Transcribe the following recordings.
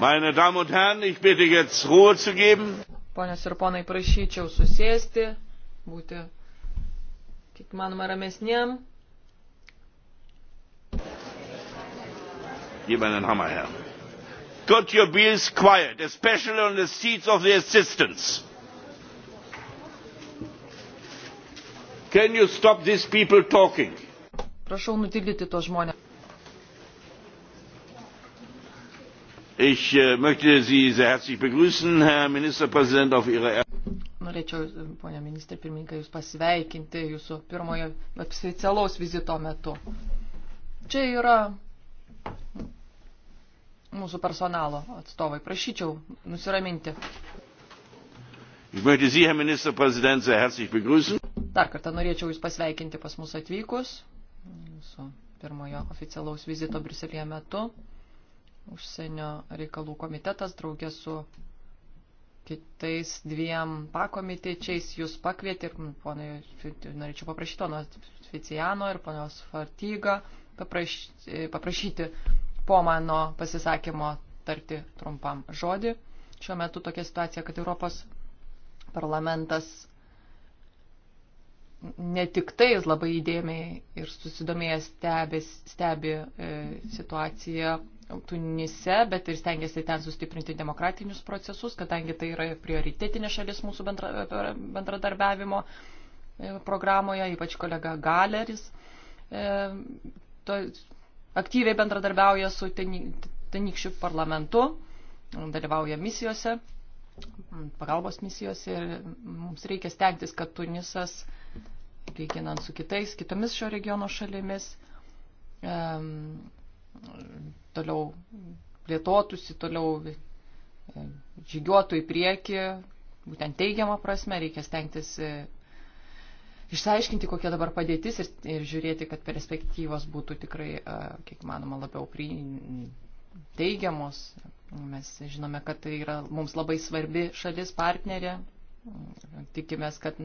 Meine Damen und Herren, ich bitte jetzt Ruhe zu geben. Ponios ir ponai, prašyčiau susėsti, būti kiek manoma ramesniem. Gib einen Hammer her. Got your bills quiet, especially on the seats of the assistants. Can you stop these people talking? Prašau nutildyti tos žmonės. Ich äh, möchte Sie sehr herzlich begrüßen, Herr Ministerpräsident, auf Ihrer ersten. Norėčiau, e, ponia ministrė pirmininkai, Jūs pasveikinti Jūsų pirmojo specialaus vizito metu. Čia yra mūsų personalo atstovai. Prašyčiau nusiraminti. Ich möchte Sie, Herr Ministerpräsident, sehr herzlich begrüßen. Dar kartą norėčiau Jūs pasveikinti pas mus atvykus, Jūsų pirmojo oficialaus vizito Briuselėje metu užsienio reikalų komitetas draugė su kitais dviem pakomitečiais jūs pakvietė ir nu, ponai, norėčiau paprašyti pono Ficiano ir ponios Fartyga paprašyti, paprašyti po mano pasisakymo tarti trumpam žodį. Šiuo metu tokia situacija, kad Europos parlamentas ne tik tai labai įdėmiai ir susidomėjęs stebi, stebi e, situaciją Tunise, bet ir stengiasi ten sustiprinti demokratinius procesus, kadangi tai yra prioritetinė šalis mūsų bendra, bendradarbiavimo e, programoje, ypač kolega Galeris e, to, aktyviai bendradarbiauja su tenykščių parlamentu, dalyvauja misijose, pagalbos misijose ir mums reikia stengtis, kad Tunisas, lyginant su kitais, kitomis šio regiono šalimis, um, toliau plėtotųsi, toliau e, žygiuotų į priekį, būtent teigiamą prasme, reikia stengtis e, išsiaiškinti, kokia dabar padėtis ir, ir žiūrėti, kad perspektyvos būtų tikrai, e, kiek manoma, labiau pri, teigiamos. Mes žinome, kad tai yra mums labai svarbi šalis partnerė. Tikimės, kad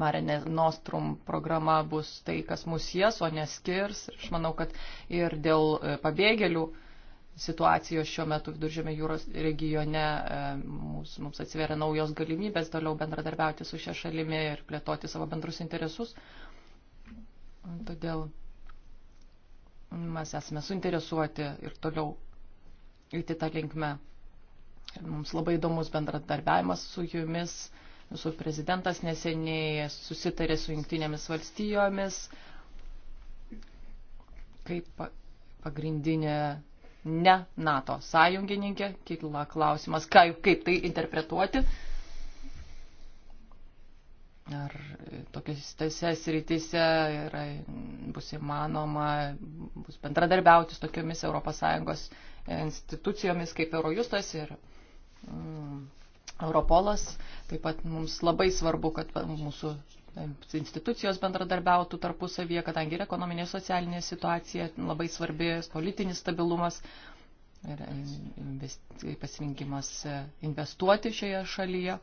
Marinė Nostrum programa bus tai, kas mus jas, o neskirs. Aš manau, kad ir dėl e, pabėgėlių situacijos šiuo metu viduržėme jūros regione e, mums, mums atsiveria naujos galimybės toliau bendradarbiauti su šia šalimi ir plėtoti savo bendrus interesus. Todėl mes esame suinteresuoti ir toliau įti tą linkmę. Mums labai įdomus bendradarbiavimas su jumis Mūsų prezidentas neseniai susitarė su jungtinėmis valstijomis kaip pagrindinė ne NATO sąjungininkė. Kitla klausimas, kaip, kaip tai interpretuoti. Ar tokiuose srityse yra, bus įmanoma, bus bendradarbiauti su tokiomis ES institucijomis kaip Eurojustas ir mm, Europolas. Taip pat mums labai svarbu, kad mūsų e, institucijos bendradarbiautų tarpusavyje, kadangi ir ekonominė socialinė situacija labai svarbi, politinis stabilumas ir e, pasirinkimas e, investuoti šioje šalyje,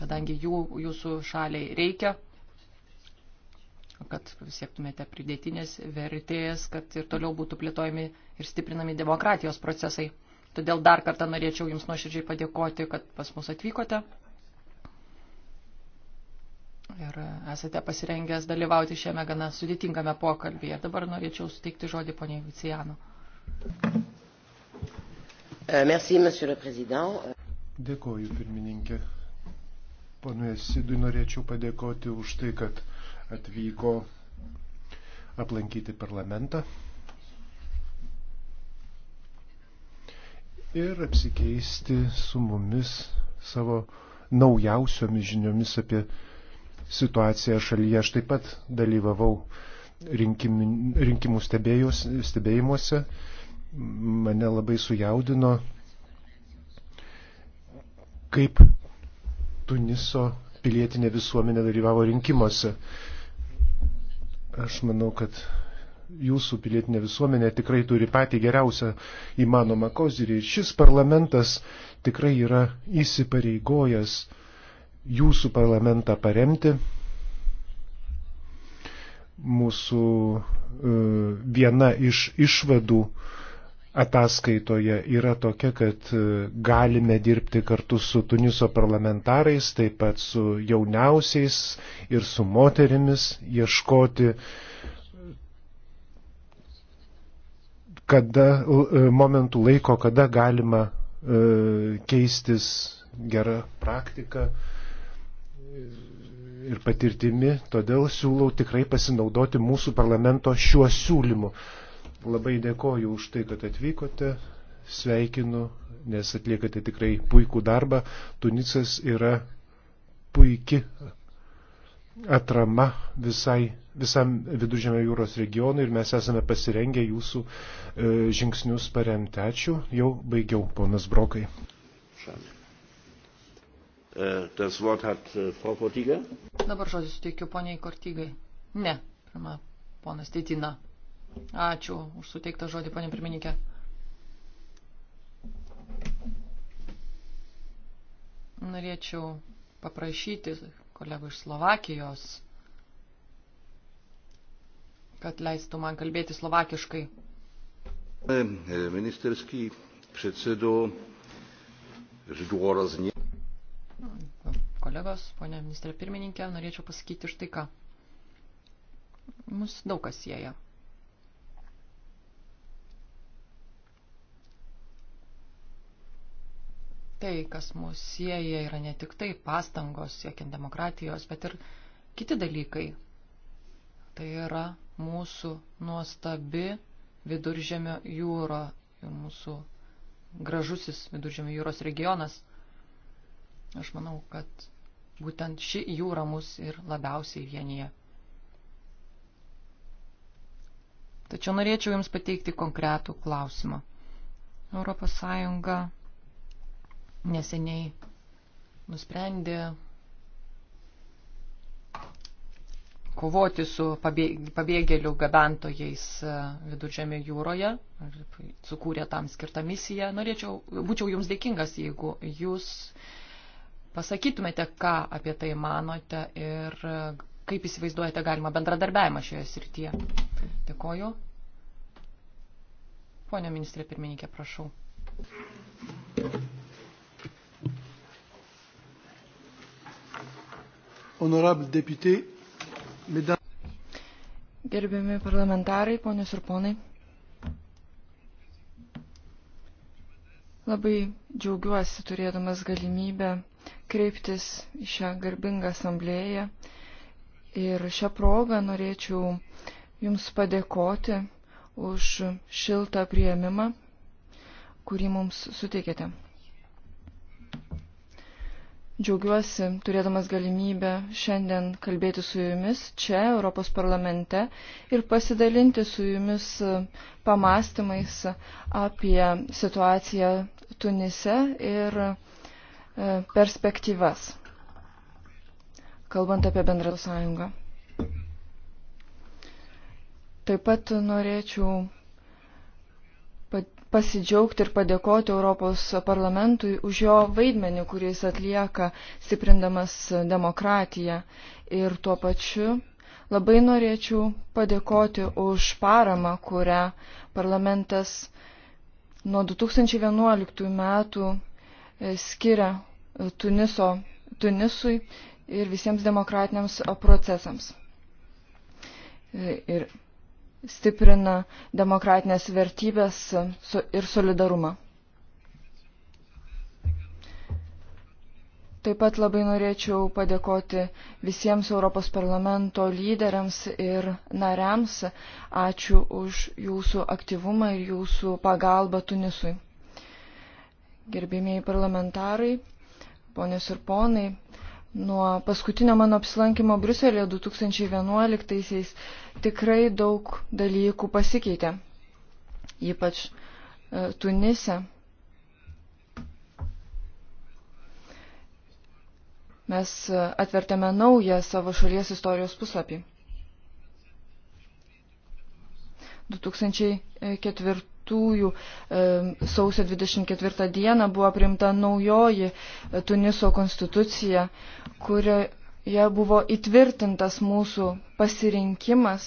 kadangi jų, jūsų šaliai reikia kad siektumėte pridėtinės vertės, kad ir toliau būtų plėtojami ir stiprinami demokratijos procesai. Todėl dar kartą norėčiau Jums nuoširdžiai padėkoti, kad pas mus atvykote ir esate pasirengęs dalyvauti šiame gana sudėtingame pokalbėje. Dabar norėčiau suteikti žodį poniai Vicijano. Euh, merci, monsieur le président. Dėkoju, pirmininkė. Ponui Sidui norėčiau padėkoti už tai, kad atvyko aplankyti parlamentą. ir apsikeisti su mumis savo naujausiomis žiniomis apie situaciją šalyje. Aš taip pat dalyvavau rinkim, rinkimų stebėjimuose. Mane labai sujaudino, kaip Tuniso pilietinė visuomenė dalyvavo rinkimuose. Aš manau, kad jūsų pilietinė visuomenė tikrai turi patį geriausią įmanomą kozirį. Šis parlamentas tikrai yra įsipareigojęs jūsų parlamentą paremti. Mūsų e, viena iš išvadų ataskaitoje yra tokia, kad e, galime dirbti kartu su Tuniso parlamentarais, taip pat su jauniausiais ir su moterimis, ieškoti uh, kada, e, momentų laiko, kada galima e, keistis gerą praktiką ir patirtimi. Todėl siūlau tikrai pasinaudoti mūsų parlamento šiuo siūlymu. Labai dėkoju už tai, kad atvykote. Sveikinu, nes atliekate tikrai puikų darbą. Tunisas yra puiki atrama visai visam viduržėmio jūros regionui ir mes esame pasirengę jūsų e, žingsnius paremti. Ačiū. Jau baigiau, ponas Brokai. E, e, Dabar žodžiu suteikiu poniai Kortygai. Ne, pirmą ponas Teitina. Ačiū už suteiktą žodį, ponė pirmininkė. Norėčiau paprašyti kolegų iš Slovakijos kad leistų man kalbėti slovakiškai. E, Ministerskį predsedo žduoraznė. Nu, kolegos, ponė ministrė pirmininkė, norėčiau pasakyti štai ką. Mus daug kas sieja. Tai, kas mūsų sieja, yra ne tik tai pastangos siekiant demokratijos, bet ir kiti dalykai, Tai yra mūsų nuostabi viduržėmio jūra ir mūsų gražusis viduržėmio jūros regionas. Aš manau, kad būtent ši jūra mus ir labiausiai vienyje. Tačiau norėčiau Jums pateikti konkretų klausimą. Europos Sąjunga neseniai nusprendė kovoti su pabėgėlių gabentojais e, viduržėmė jūroje ir sukūrė tam skirtą misiją. Norėčiau, būčiau jums dėkingas, jeigu jūs pasakytumėte, ką apie tai manote ir e, kaip įsivaizduojate galima bendradarbiavimą šioje srityje. Dėkoju. Pone ministrė pirmininkė, prašau. Honorable député, Gerbiami parlamentarai, ponios ir ponai. Labai džiaugiuosi turėdamas galimybę kreiptis į šią garbingą asamblėją ir šią progą norėčiau Jums padėkoti už šiltą prieimimą, kurį mums suteikėte. Džiaugiuosi turėdamas galimybę šiandien kalbėti su jumis čia, Europos parlamente, ir pasidalinti su jumis e, pamastymais apie situaciją Tunise ir e, perspektyvas, kalbant apie bendrą sąjungą. Taip pat norėčiau pasidžiaugti ir padėkoti Europos parlamentui už jo vaidmenį, kurį jis atlieka, stiprindamas demokratiją. Ir tuo pačiu labai norėčiau padėkoti už paramą, kurią parlamentas nuo 2011 metų e, skiria e, Tuniso, Tunisui ir visiems demokratiniams procesams. E, ir stiprina demokratinės vertybės ir solidarumą. Taip pat labai norėčiau padėkoti visiems Europos parlamento lyderiams ir nariams. Ačiū už jūsų aktyvumą ir jūsų pagalbą Tunisui. Gerbėmiai parlamentarai, ponios ir ponai, Nuo paskutinio mano apsilankimo Bruselėje 2011-aisiais tikrai daug dalykų pasikeitė, ypač e, Tunise. Mes e, atvertėme naują savo šalies istorijos puslapį. 2004 2009 sausio 24 dieną buvo priimta naujoji e, Tuniso konstitucija, kurioje buvo įtvirtintas mūsų pasirinkimas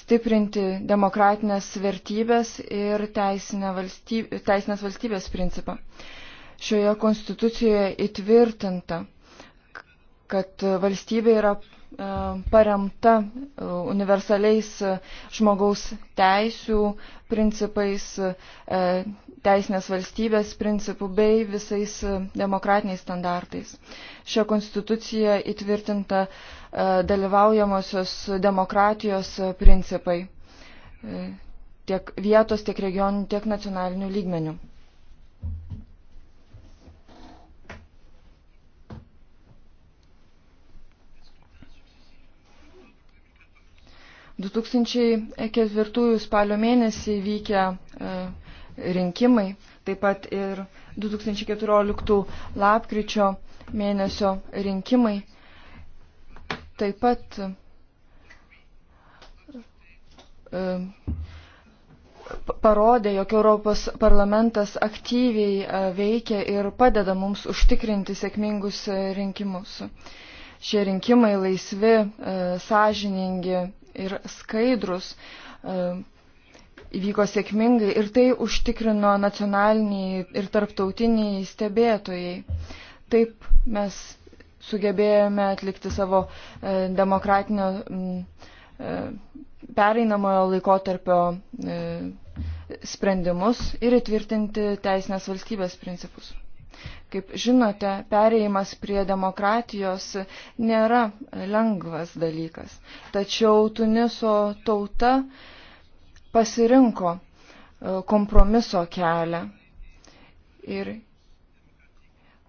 stiprinti demokratinės vertybės ir teisinę valstybės, teisinės valstybės principą. Šioje konstitucijoje įtvirtinta, kad valstybė yra e, paremta e, universaliais e, žmogaus teisių principais, teisinės valstybės principų bei visais demokratiniais standartais. Šią konstituciją įtvirtinta dalyvaujamosios demokratijos principai tiek vietos, tiek regioninių, tiek nacionalinių lygmenių. 2004 spalio mėnesį vykę e, rinkimai, taip pat ir 2014 lapkričio mėnesio rinkimai taip pat e, parodė, jog Europos parlamentas aktyviai e, veikia ir padeda mums užtikrinti sėkmingus rinkimus. Šie rinkimai laisvi, sąžiningi ir skaidrus, e, įvyko sėkmingai ir tai užtikrino nacionaliniai ir tarptautiniai stebėtojai. Taip mes sugebėjome atlikti savo e, demokratinio e, pereinamojo laikotarpio sprendimus ir įtvirtinti teisinės valstybės principus. Kaip žinote, pereimas prie demokratijos nėra lengvas dalykas. Tačiau Tuniso tauta pasirinko e, kompromiso kelią ir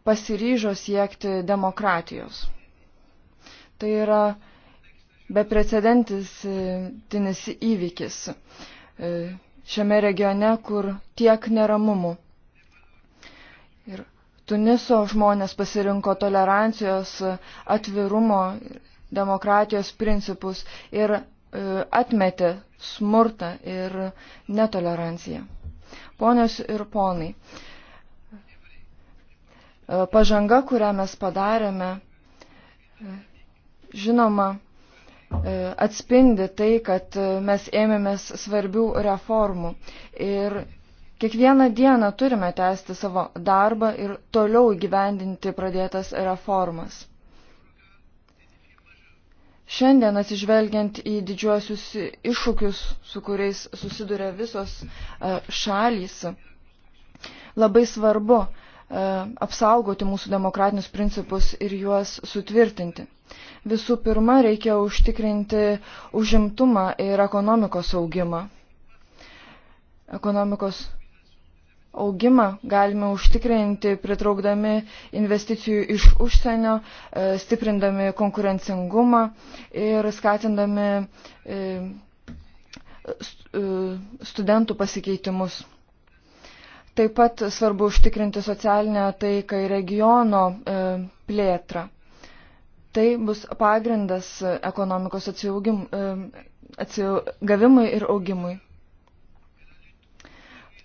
pasiryžo siekti demokratijos. Tai yra beprecedentis e, tinis įvykis e, šiame regione, kur tiek neramumų. Tuniso žmonės pasirinko tolerancijos, atvirumo, demokratijos principus ir e, atmetė smurtą ir netoleranciją. Ponios ir ponai, e, pažanga, kurią mes padarėme, e, žinoma, atspindi tai, kad mes ėmėmės svarbių reformų ir Kiekvieną dieną turime tęsti savo darbą ir toliau gyvendinti pradėtas reformas. Šiandien atsižvelgiant į didžiuosius iššūkius, su kuriais susiduria visos e, šalys, labai svarbu e, apsaugoti mūsų demokratinius principus ir juos sutvirtinti. Visų pirma, reikia užtikrinti užimtumą ir ekonomikos augimą. Ekonomikos augimą galime užtikrinti pritraukdami investicijų iš užsienio, e, stiprindami konkurencingumą ir skatindami e, e, studentų pasikeitimus. Taip pat svarbu užtikrinti socialinę taiką ir regiono plėtrą. Tai bus pagrindas ekonomikos atsiaugim, atsigavimui ir augimui.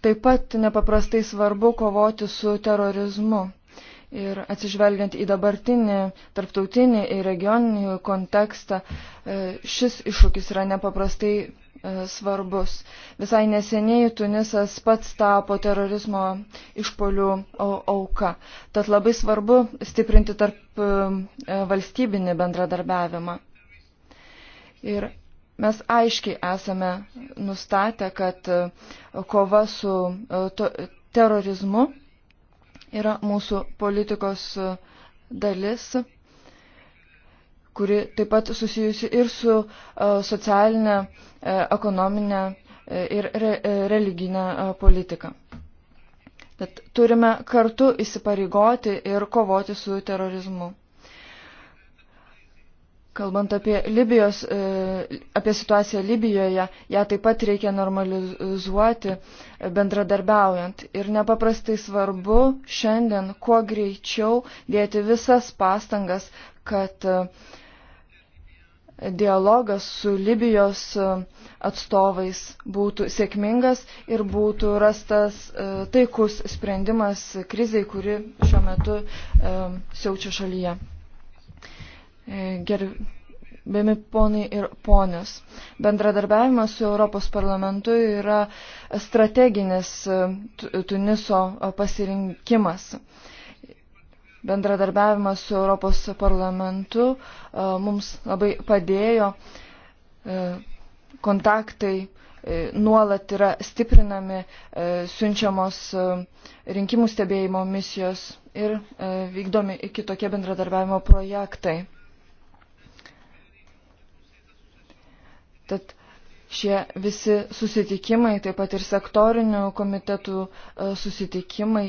Taip pat nepaprastai svarbu kovoti su terorizmu. Ir atsižvelgiant į dabartinį tarptautinį ir regioninį kontekstą, e, šis iššūkis yra nepaprastai e, svarbus. Visai neseniai Tunisas pats tapo terorizmo išpolių auka. Tad labai svarbu stiprinti tarp e, valstybinį bendradarbiavimą. Ir Mes aiškiai esame nustatę, kad e, kova su e, to, terorizmu yra mūsų politikos e, dalis, kuri taip pat susijusi ir su socialinė, ekonominė ir re, religinė politika. Tad turime kartu įsipareigoti ir kovoti su terorizmu. Kalbant apie, Libijos, e, apie situaciją Libijoje, ją taip pat reikia normalizuoti e, bendradarbiaujant. Ir nepaprastai svarbu šiandien kuo greičiau dėti visas pastangas, kad e, dialogas su Libijos atstovais būtų sėkmingas ir būtų rastas taikus sprendimas kriziai, kuri šiuo metu siaučia šalyje. E, gerbiami ponai ir ponios, bendradarbiavimas su Europos parlamentu yra strateginis e, Tuniso e, pasirinkimas bendradarbiavimas su Europos parlamentu mums labai padėjo. Kontaktai nuolat yra stiprinami, siunčiamos rinkimų stebėjimo misijos ir vykdomi kitokie bendradarbiavimo projektai. Tad šie visi susitikimai, taip pat ir sektorinių komitetų e, susitikimai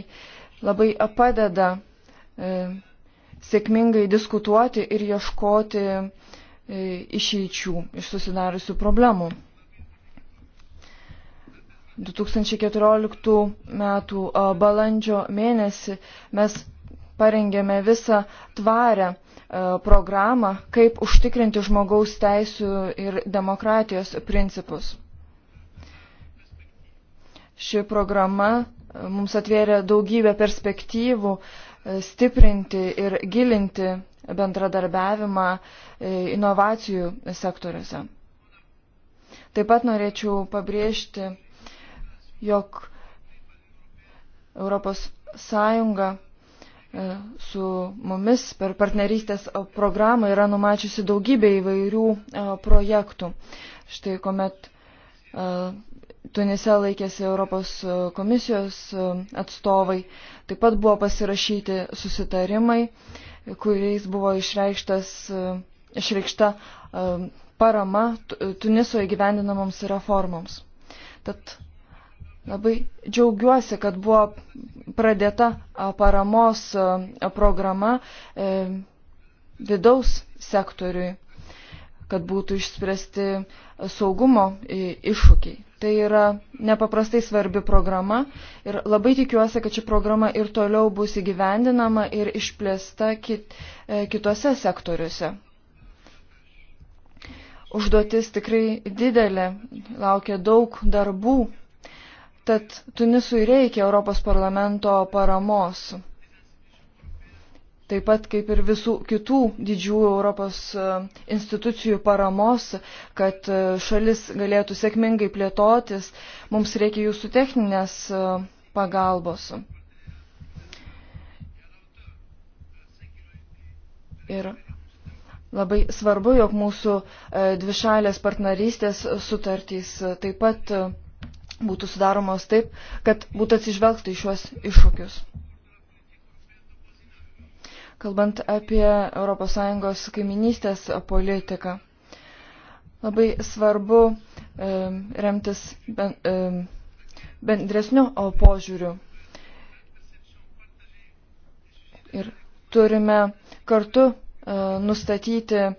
labai padeda e, sėkmingai diskutuoti ir ieškoti e, išeičių iš susidariusių problemų. 2014 metų balandžio mėnesį mes parengėme visą tvarę E, programą, kaip užtikrinti žmogaus teisų ir demokratijos principus. Ši programa e, mums atvėrė daugybę perspektyvų e, stiprinti ir gilinti bendradarbiavimą inovacijų sektoriuose. Taip pat norėčiau pabrėžti, jog Europos Sąjunga E, su mumis per partnerystės e, programą yra numačiusi daugybė įvairių e, projektų. Štai kuomet Tunise laikėsi Europos komisijos atstovai, taip pat buvo pasirašyti susitarimai, kuriais buvo išreikšta parama Tuniso įgyvendinamoms reformoms. Tad Labai džiaugiuosi, kad buvo pradėta paramos programa e, vidaus sektoriui, kad būtų išspręsti saugumo iššūkiai. Tai yra nepaprastai svarbi programa ir labai tikiuosi, kad ši programa ir toliau bus įgyvendinama ir išplėsta kit, e, kitose sektoriuose. Užduotis tikrai didelė, laukia daug darbų Tad Tunisui reikia Europos parlamento paramos. Taip pat kaip ir visų kitų didžiųjų Europos e, institucijų paramos, kad e, šalis galėtų sėkmingai plėtotis, mums reikia jūsų techninės e, pagalbos. Ir labai svarbu, jog mūsų dvišalės partnerystės sutartys taip pat būtų sudaromos taip, kad būtų atsižvelgta į šiuos iššūkius. Kalbant apie ES kaiminystės politiką, labai svarbu e, remtis ben, e, bendresniu požiūriu. Ir turime kartu e, nustatyti e,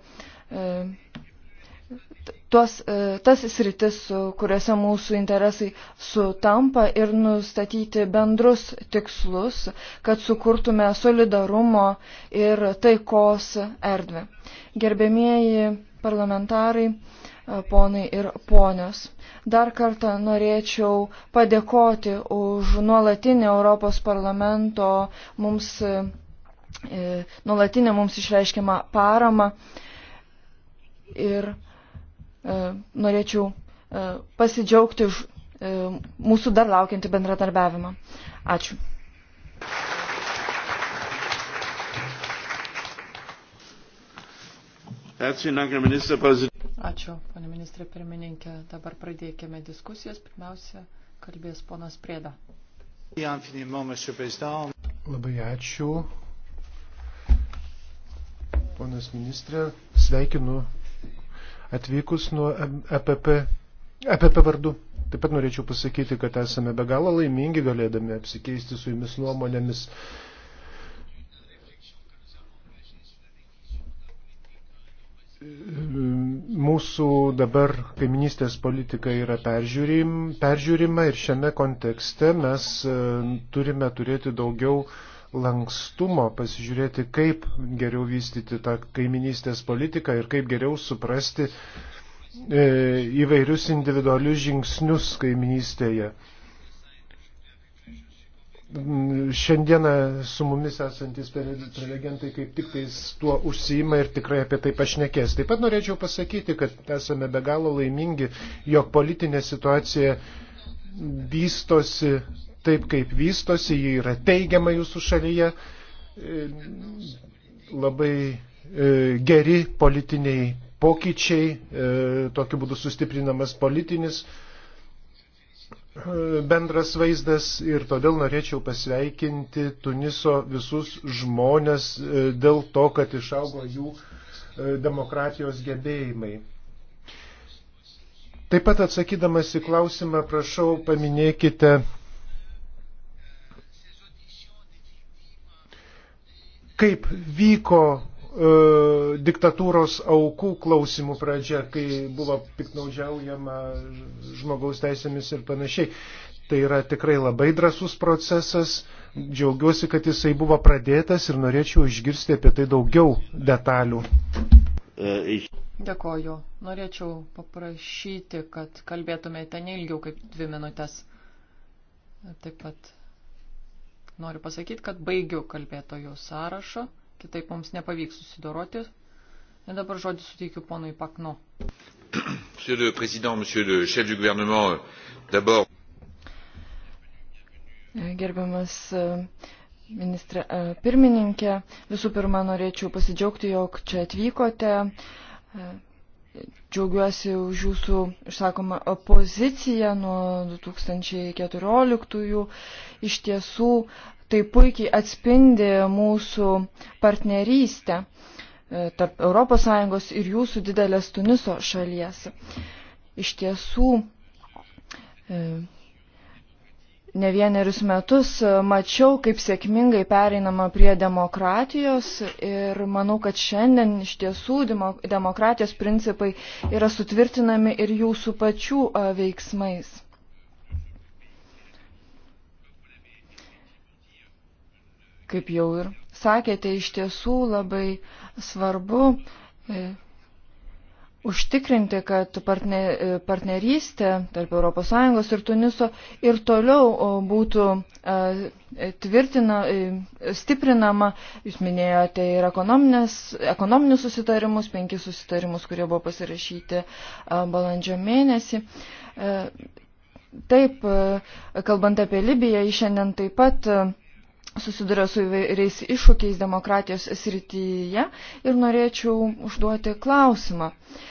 tuos, e, tas sritis, kuriuose mūsų interesai sutampa ir nustatyti bendrus tikslus, kad sukurtume solidarumo ir taikos erdvę. Gerbėmieji parlamentarai, e, ponai ir ponios. Dar kartą norėčiau padėkoti už nuolatinį Europos parlamento mums, e, nuolatinę mums išreiškiamą paramą. Ir E, norėčiau e, pasidžiaugti už e, mūsų dar laukiantį bendradarbiavimą. Ačiū. Ačiū, pane ministrė pirmininkė. Dabar pradėkime diskusijas. Pirmiausia, kalbės ponas Prėda. Labai ačiū. Ponas ministrė, sveikinu atvykus nuo EPP, e EPP vardu. Taip pat norėčiau pasakyti, kad esame be galo laimingi galėdami apsikeisti su jumis nuomonėmis. Mūsų dabar kaiminystės politika yra peržiūrim, peržiūrima ir šiame kontekste mes e, turime turėti daugiau uh, lankstumo pasižiūrėti, kaip geriau vystyti tą kaiminystės politiką ir kaip geriau suprasti e, įvairius individualius žingsnius kaiminystėje. Šiandieną su mumis esantis prelegentai kaip tik tais tuo užsiima ir tikrai apie tai pašnekės. Taip pat norėčiau pasakyti, kad esame be galo laimingi, jog politinė situacija vystosi taip, kaip vystosi, ji yra teigiama jūsų šalyje, e, labai e, geri politiniai pokyčiai, e, tokiu būdu sustiprinamas politinis bendras vaizdas ir todėl norėčiau pasveikinti Tuniso visus žmonės dėl to, kad išaugo jų demokratijos gebėjimai. Taip pat atsakydamas į klausimą, prašau, paminėkite kaip vyko e, diktatūros aukų klausimų pradžia, kai buvo piknaudžiaujama žmogaus teisėmis ir panašiai. Tai yra tikrai labai drasus procesas, džiaugiuosi, kad jisai buvo pradėtas ir norėčiau išgirsti apie tai daugiau detalių. E, Dėkoju. Norėčiau paprašyti, kad kalbėtumėte neilgiau kaip dvi minutės. Taip pat Noriu pasakyti, kad baigiu kalbėtojų sąrašą, kitaip mums nepavyks susidoroti. Ir dabar žodį suteikiu ponui Pakno. Monsieur le Président, Monsieur le Chef du gouvernement, d'abord. Gerbiamas e, ministrė e, pirmininkė, visų pirma norėčiau pasidžiaugti, jog čia atvykote. E, Džiaugiuosi už jūsų, išsakoma, poziciją nuo 2014-ųjų. Iš tiesų, tai puikiai atspindi mūsų partnerystę e, tarp ES ir jūsų didelės Tuniso šalies. Iš tiesų, e, ne vienerius metus mačiau, kaip sėkmingai pereinama prie demokratijos ir manau, kad šiandien iš tiesų demokratijos principai yra sutvirtinami ir jūsų pačių veiksmais. Kaip jau ir sakėte, iš tiesų labai svarbu e, užtikrinti, kad partnerystė tarp ES ir Tuniso ir toliau būtų tvirtina, e, stiprinama, jūs minėjote ir ekonominius susitarimus, penkis susitarimus, kurie buvo pasirašyti balandžio mėnesį. E, taip, e, kalbant apie Libiją, jis šiandien taip pat susiduria su įvairiais iššūkiais demokratijos srityje ir norėčiau užduoti klausimą. Uh,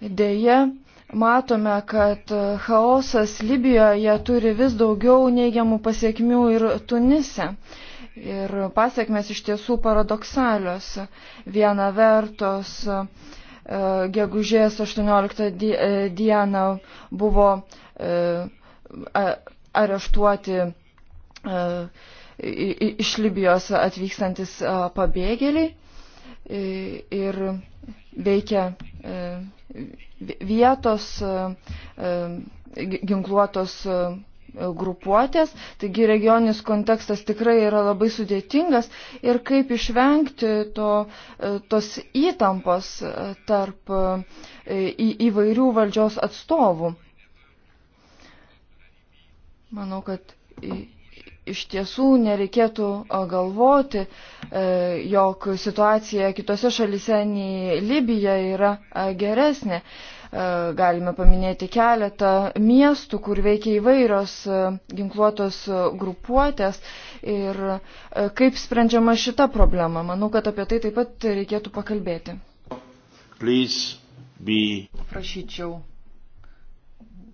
Deja, matome, kad chaosas Libijoje turi vis daugiau neigiamų pasiekmių ir Tunise. Ir pasiekmes iš tiesų paradoksalios. Viena vertos e, gegužės 18 e, dieną buvo e, areštuoti iš Libijos atvykstantis pabėgėliai ir veikia vietos e, e, ginkluotos e, grupuotės, taigi regioninis kontekstas tikrai yra labai sudėtingas ir kaip išvengti to, tos įtampos tarp į, įvairių valdžios atstovų. Manau, kad iš tiesų nereikėtų galvoti, e, jog situacija kitose šalise nei Libija yra geresnė. E, galime paminėti keletą miestų, kur veikia įvairios e, ginkluotos grupuotės ir kaip sprendžiama šita problema. Manau, kad apie tai taip pat reikėtų pakalbėti. Prašyčiau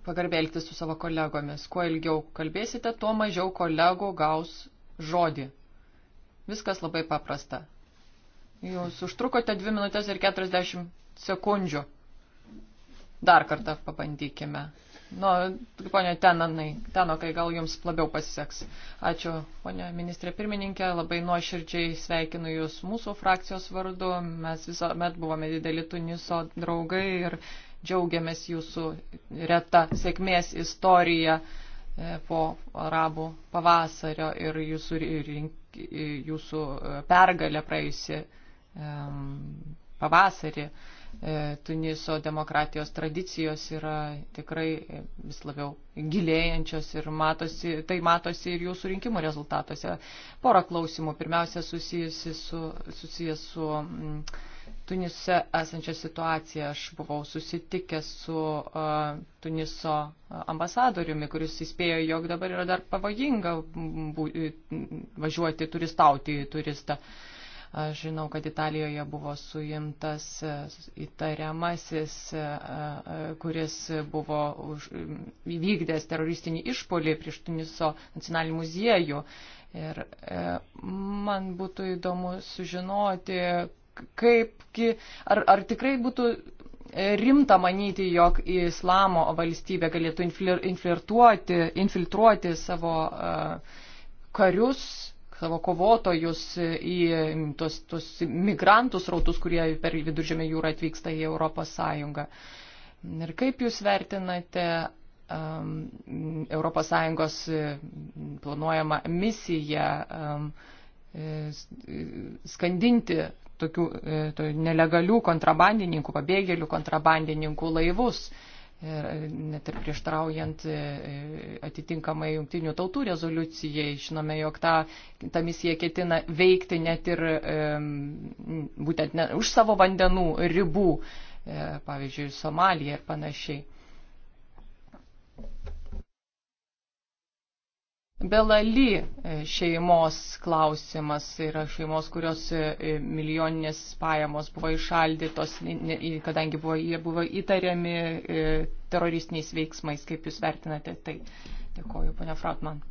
pagarbiai elgtis su savo kolegomis. Kuo ilgiau kalbėsite, tuo mažiau kolegų gaus žodį. Viskas labai paprasta. Jūs užtrukote 2 minutės ir 40 sekundžių. Dar kartą pabandykime. Nu, ponia Tenanai, Tenokai, gal jums labiau pasiseks. Ačiū, ponia ministrė pirmininkė, labai nuoširdžiai sveikinu jūs mūsų frakcijos vardu. Mes visuomet buvome dideli Tuniso draugai ir džiaugiamės jūsų reta sėkmės istorija e, po arabų pavasario ir jūsų, rink, e, jūsų e, pergalę praėjusi pavasarį. Tuniso demokratijos tradicijos yra tikrai vis labiau gilėjančios ir matosi, tai matosi ir jūsų rinkimų rezultatuose. Porą klausimų. Pirmiausia, susijęs su, susijęs su mm, Tunise esančią situaciją. Aš buvau susitikęs su uh, Tuniso ambasadoriumi, kuris įspėjo, jog dabar yra dar pavojinga bū, važiuoti turistauti į turistą. Aš žinau, kad Italijoje buvo suimtas įtariamasis, kuris buvo už, įvykdęs teroristinį išpolį prieš Tuniso nacionalinį muziejų. Ir e, man būtų įdomu sužinoti, kaipgi, ar, ar tikrai būtų e, rimta manyti, jog islamo valstybė galėtų infiltruoti, infiltruoti savo e, karius, savo kovotojus į tos, tos migrantus rautus, kurie per viduržėmę jūrą atvyksta į Europos Sąjungą. Ir kaip Jūs vertinate um, Europos Sąjungos e, planuojamą misiją um, skandinti tokių e, to, nelegalių kontrabandininkų, pabėgėlių kontrabandininkų laivus. Ir e, net ir prieštraujant e, atitinkamai jungtinių tautų rezoliucijai, žinome, jog ta, ta misija ketina veikti net ir būtent ne, už savo vandenų ribų, pavyzdžiui, Somalija ir panašiai. Belali e, šeimos klausimas yra šeimos, kurios e, e, milijoninės pajamos buvo išaldytos, kadangi buvo, jie buvo įtariami teroristiniais veiksmais. Kaip Jūs vertinate tai? Dėkoju, ponia Frautman.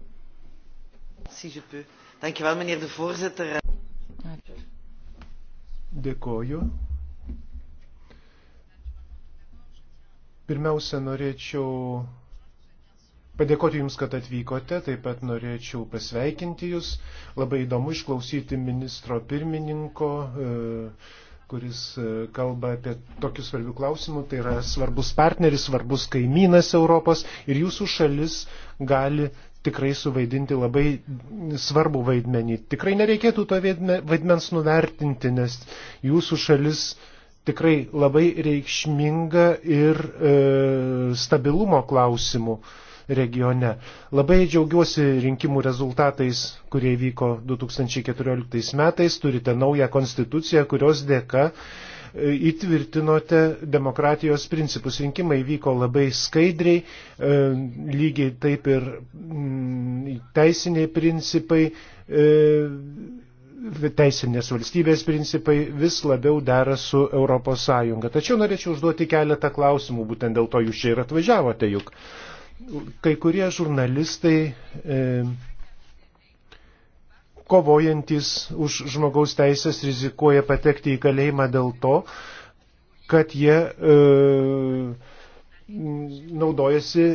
Dėkoju. Pirmiausia, norėčiau padėkoti Jums, kad atvykote, taip pat norėčiau pasveikinti Jūs. Labai įdomu išklausyti ministro pirmininko, e, kuris e, kalba apie tokius svarbių klausimų. Tai yra svarbus partneris, svarbus kaimynas Europos ir Jūsų šalis gali tikrai suvaidinti labai svarbų vaidmenį. Tikrai nereikėtų to vaidmens nuvertinti, nes jūsų šalis tikrai labai reikšminga ir e, stabilumo klausimų. E, regione. Labai džiaugiuosi rinkimų rezultatais, kurie vyko 2014 metais. Turite naują konstituciją, kurios dėka e, įtvirtinote demokratijos principus. Rinkimai vyko labai skaidriai, e, lygiai taip ir mm, teisiniai principai, e, teisinės valstybės principai vis labiau dera su ES. Tačiau norėčiau užduoti keletą klausimų, būtent dėl to jūs čia ir atvažiavote juk kai kurie žurnalistai e, kovojantis už žmogaus teisės rizikuoja patekti į kalėjimą dėl to, kad jie e, naudojasi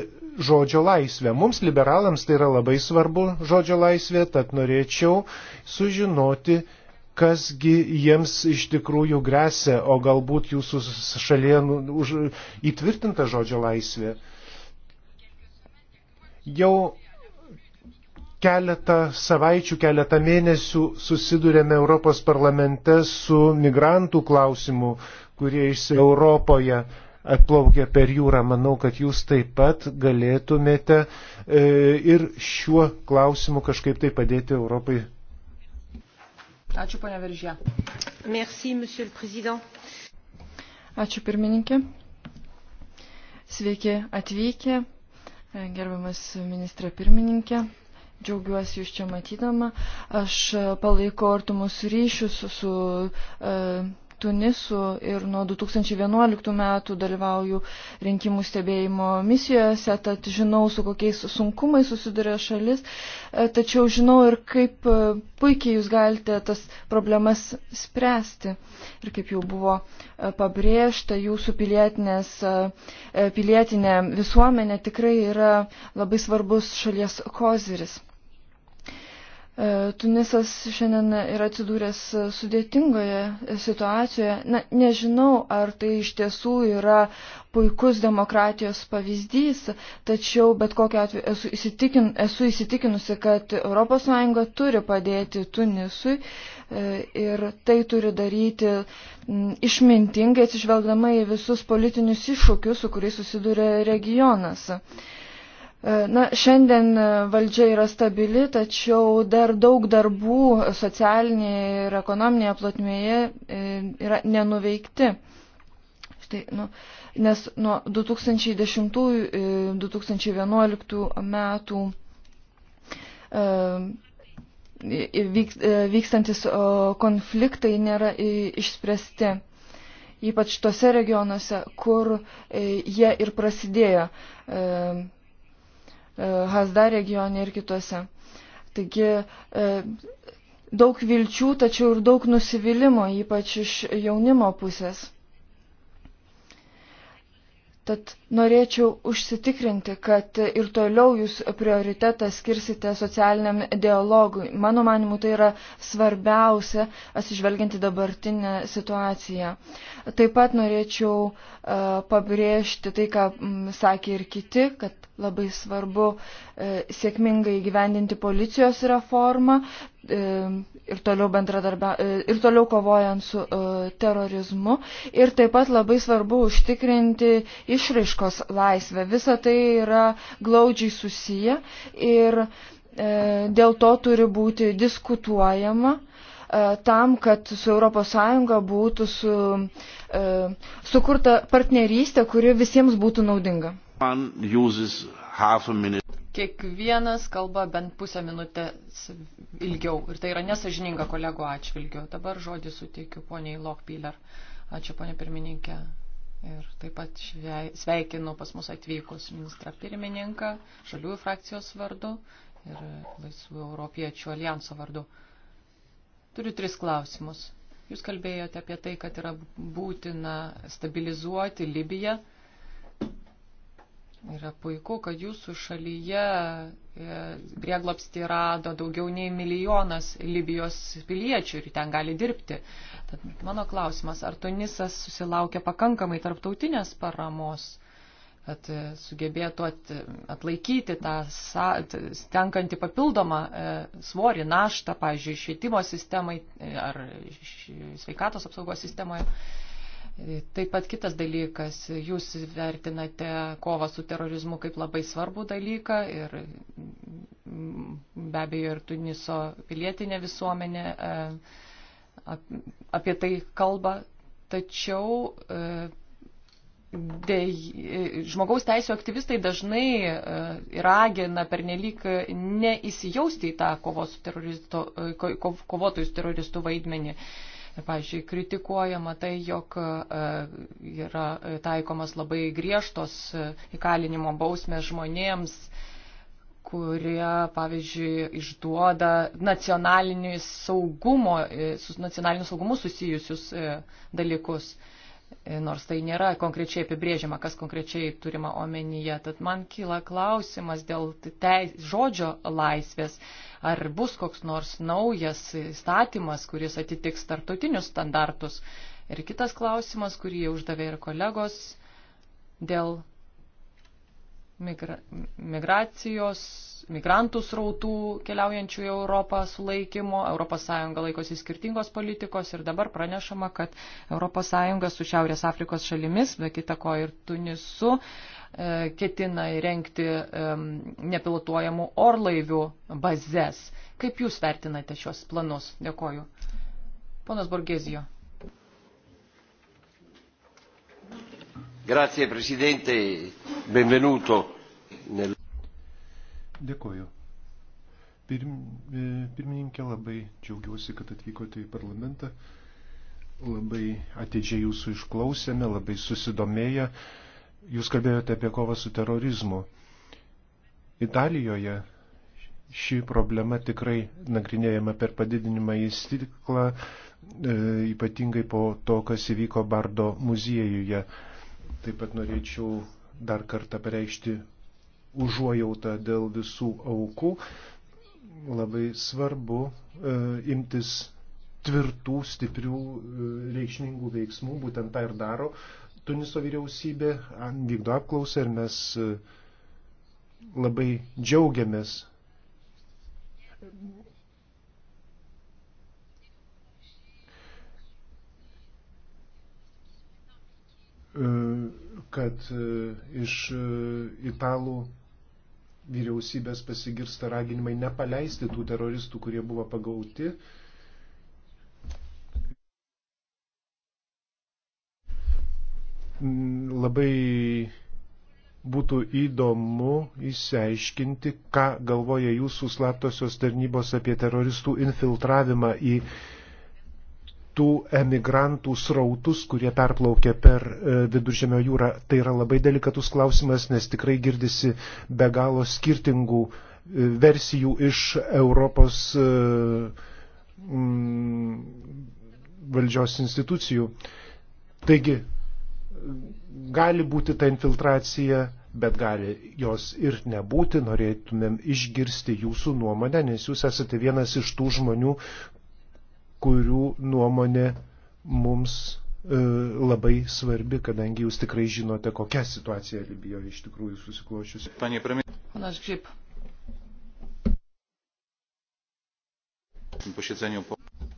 žodžio laisvę. Mums liberalams tai yra labai svarbu žodžio laisvė, tad norėčiau sužinoti, kasgi jiems iš tikrųjų grėsia, o galbūt jūsų šalyje nu, įtvirtinta žodžio laisvė. Jau keletą savaičių, keletą mėnesių susidurėme Europos parlamente su migrantų klausimu, kurie iš Europoje atplaukia per jūrą. Manau, kad jūs taip pat galėtumėte e, ir šiuo klausimu kažkaip tai padėti Europai. Ačiū, ponia Viržė. Merci, monsieur le président. Ačiū, pirmininkė. Sveiki atvykę. Gerbiamas ministra pirmininkė, džiaugiuosi jūs čia matydama. Aš palaikau artimus ryšius su, su e, Tunisu ir nuo 2011 metų dalyvauju rinkimų stebėjimo misijose, tad žinau, su kokiais sunkumais susiduria šalis, e, tačiau žinau ir kaip e, puikiai jūs galite tas problemas spręsti. Ir kaip jau buvo e, pabrėžta, jūsų pilietinės, pilietinė visuomenė tikrai yra labai svarbus šalies koziris. E, Tunisas šiandien yra atsidūręs sudėtingoje situacijoje. Na, nežinau, ar tai iš tiesų yra puikus demokratijos pavyzdys, tačiau bet kokiu atveju esu, įsitikin, esu įsitikinusi, kad ES turi padėti Tunisui e, ir tai turi daryti išmintingai atsižvelgdama į visus politinius iššūkius, su kuriais susiduria regionas. Na, šiandien e, valdžia yra stabili, tačiau dar daug darbų socialinėje ir ekonominėje plotmėje e, yra nenuveikti. Štai, nu, nes nuo 2010-2011 e, metų vykstantis konfliktai nėra išspręsti ypač tose regionuose, kur jie ir prasidėjo. E, Hasda regione ir kitose. Taigi e, daug vilčių, tačiau ir daug nusivylimų, ypač iš jaunimo pusės. Tad norėčiau užsitikrinti, kad ir toliau jūs prioritetą skirsite socialiniam dialogui. Mano manimu, tai yra svarbiausia, atsižvelginti dabartinę situaciją. Taip pat norėčiau uh, pabrėžti tai, ką m, sakė ir kiti, kad Labai svarbu e, sėkmingai gyvendinti policijos reformą e, ir, toliau bendradarbia, e, ir toliau kovojant su e, terorizmu. Ir taip pat labai svarbu užtikrinti išraiškos laisvę. Visa tai yra glaudžiai susiję ir e, dėl to turi būti diskutuojama e, tam, kad su ES būtų su, e, sukurta partnerystė, kuri visiems būtų naudinga. Kiekvienas kalba bent pusę minutės ilgiau ir tai yra nesažininga kolego atšvilgiu. Dabar žodį suteikiu poniai Lokpiler. Ačiū ponė pirmininkė. Ir taip pat sveikinu pas mus atvykus ministrą pirmininką, žaliųjų frakcijos vardu ir laisvų europiečių alijanso vardu. Turiu tris klausimus. Jūs kalbėjote apie tai, kad yra būtina stabilizuoti Libiją Yra puiku, kad jūsų šalyje e, prieglopsti rado daugiau nei milijonas Libijos piliečių ir ten gali dirbti. Tad mano klausimas, ar Tunisas susilaukia pakankamai tarptautinės paramos, kad e, sugebėtų atlaikyti tą tenkantį papildomą e, svorį, naštą, pavyzdžiui, švietimo sistemai ar sveikatos apsaugos sistemoje? Taip pat kitas dalykas, jūs vertinate kovą su terorizmu kaip labai svarbų dalyką ir mm, be abejo ir Tuniso pilietinė visuomenė e, apie tai kalba, tačiau e, dėj, e, žmogaus teisų aktyvistai dažnai ragina pernelyg neįsijausti į tą kovos su teroristu, kovotojus teroristų vaidmenį. Pavyzdžiui, kritikuojama tai, jog e, yra taikomas labai griežtos e, įkalinimo bausmės žmonėms kurie, pavyzdžiui, išduoda nacionaliniu saugumo, e, su nacionaliniu saugumu susijusius dalykus. E, nors tai nėra konkrečiai apibrėžiama, kas konkrečiai turima omenyje. Tad man kyla klausimas dėl teis, žodžio laisvės, ar bus koks nors naujas įstatymas, kuris atitiks tartutinius standartus. Ir kitas klausimas, kurį jau uždavė ir kolegos, dėl migra migracijos, migrantų srautų keliaujančių į Europą sulaikymo. ES laikosi skirtingos politikos ir dabar pranešama, kad ES su Šiaurės Afrikos šalimis, be kita ko ir Tunisu, e, ketina įrengti e, nepilotuojamų orlaivių bazės. Kaip Jūs vertinate šios planus? Dėkoju. Ponas Borgezijo. Grazie Presidente, benvenuto. Nel... Dėkuoju. Pirm, e, pirmininkė, labai džiaugiuosi, kad atvykote į parlamentą. Labai atidžiai jūsų išklausėme, labai susidomėję. Jūs kalbėjote apie kovą su terorizmu. Italijoje ši problema tikrai nagrinėjama per padidinimą į stiklą, e, ypatingai po to, kas įvyko Bardo muziejuje. Taip pat norėčiau dar kartą pareikšti užuojautą dėl visų aukų. Labai svarbu e, imtis tvirtų, stiprių, e, reikšmingų veiksmų, būtent tą ir daro Tuniso vyriausybė, vykdo apklausą ir mes e, labai džiaugiamės E, kad e, iš e, italų vyriausybės pasigirsta raginimai nepaleisti tų teroristų, kurie buvo pagauti. Mm, labai būtų įdomu įsiaiškinti, ką galvoja jūsų slaptosios tarnybos apie teroristų infiltravimą į tų emigrantų srautus, kurie perplaukė per e, viduržėmio jūrą. Tai yra labai delikatus klausimas, nes tikrai girdisi be galo skirtingų e, versijų iš Europos e, mm, valdžios institucijų. Taigi, gali būti ta infiltracija, bet gali jos ir nebūti. Norėtumėm išgirsti jūsų nuomonę, nes jūs esate vienas iš tų žmonių, kurių nuomonė mums e, labai svarbi, kadangi jūs tikrai žinote, kokia situacija Libijoje iš tikrųjų susiklošiusi. Panie premjer. Ponas Grzyb.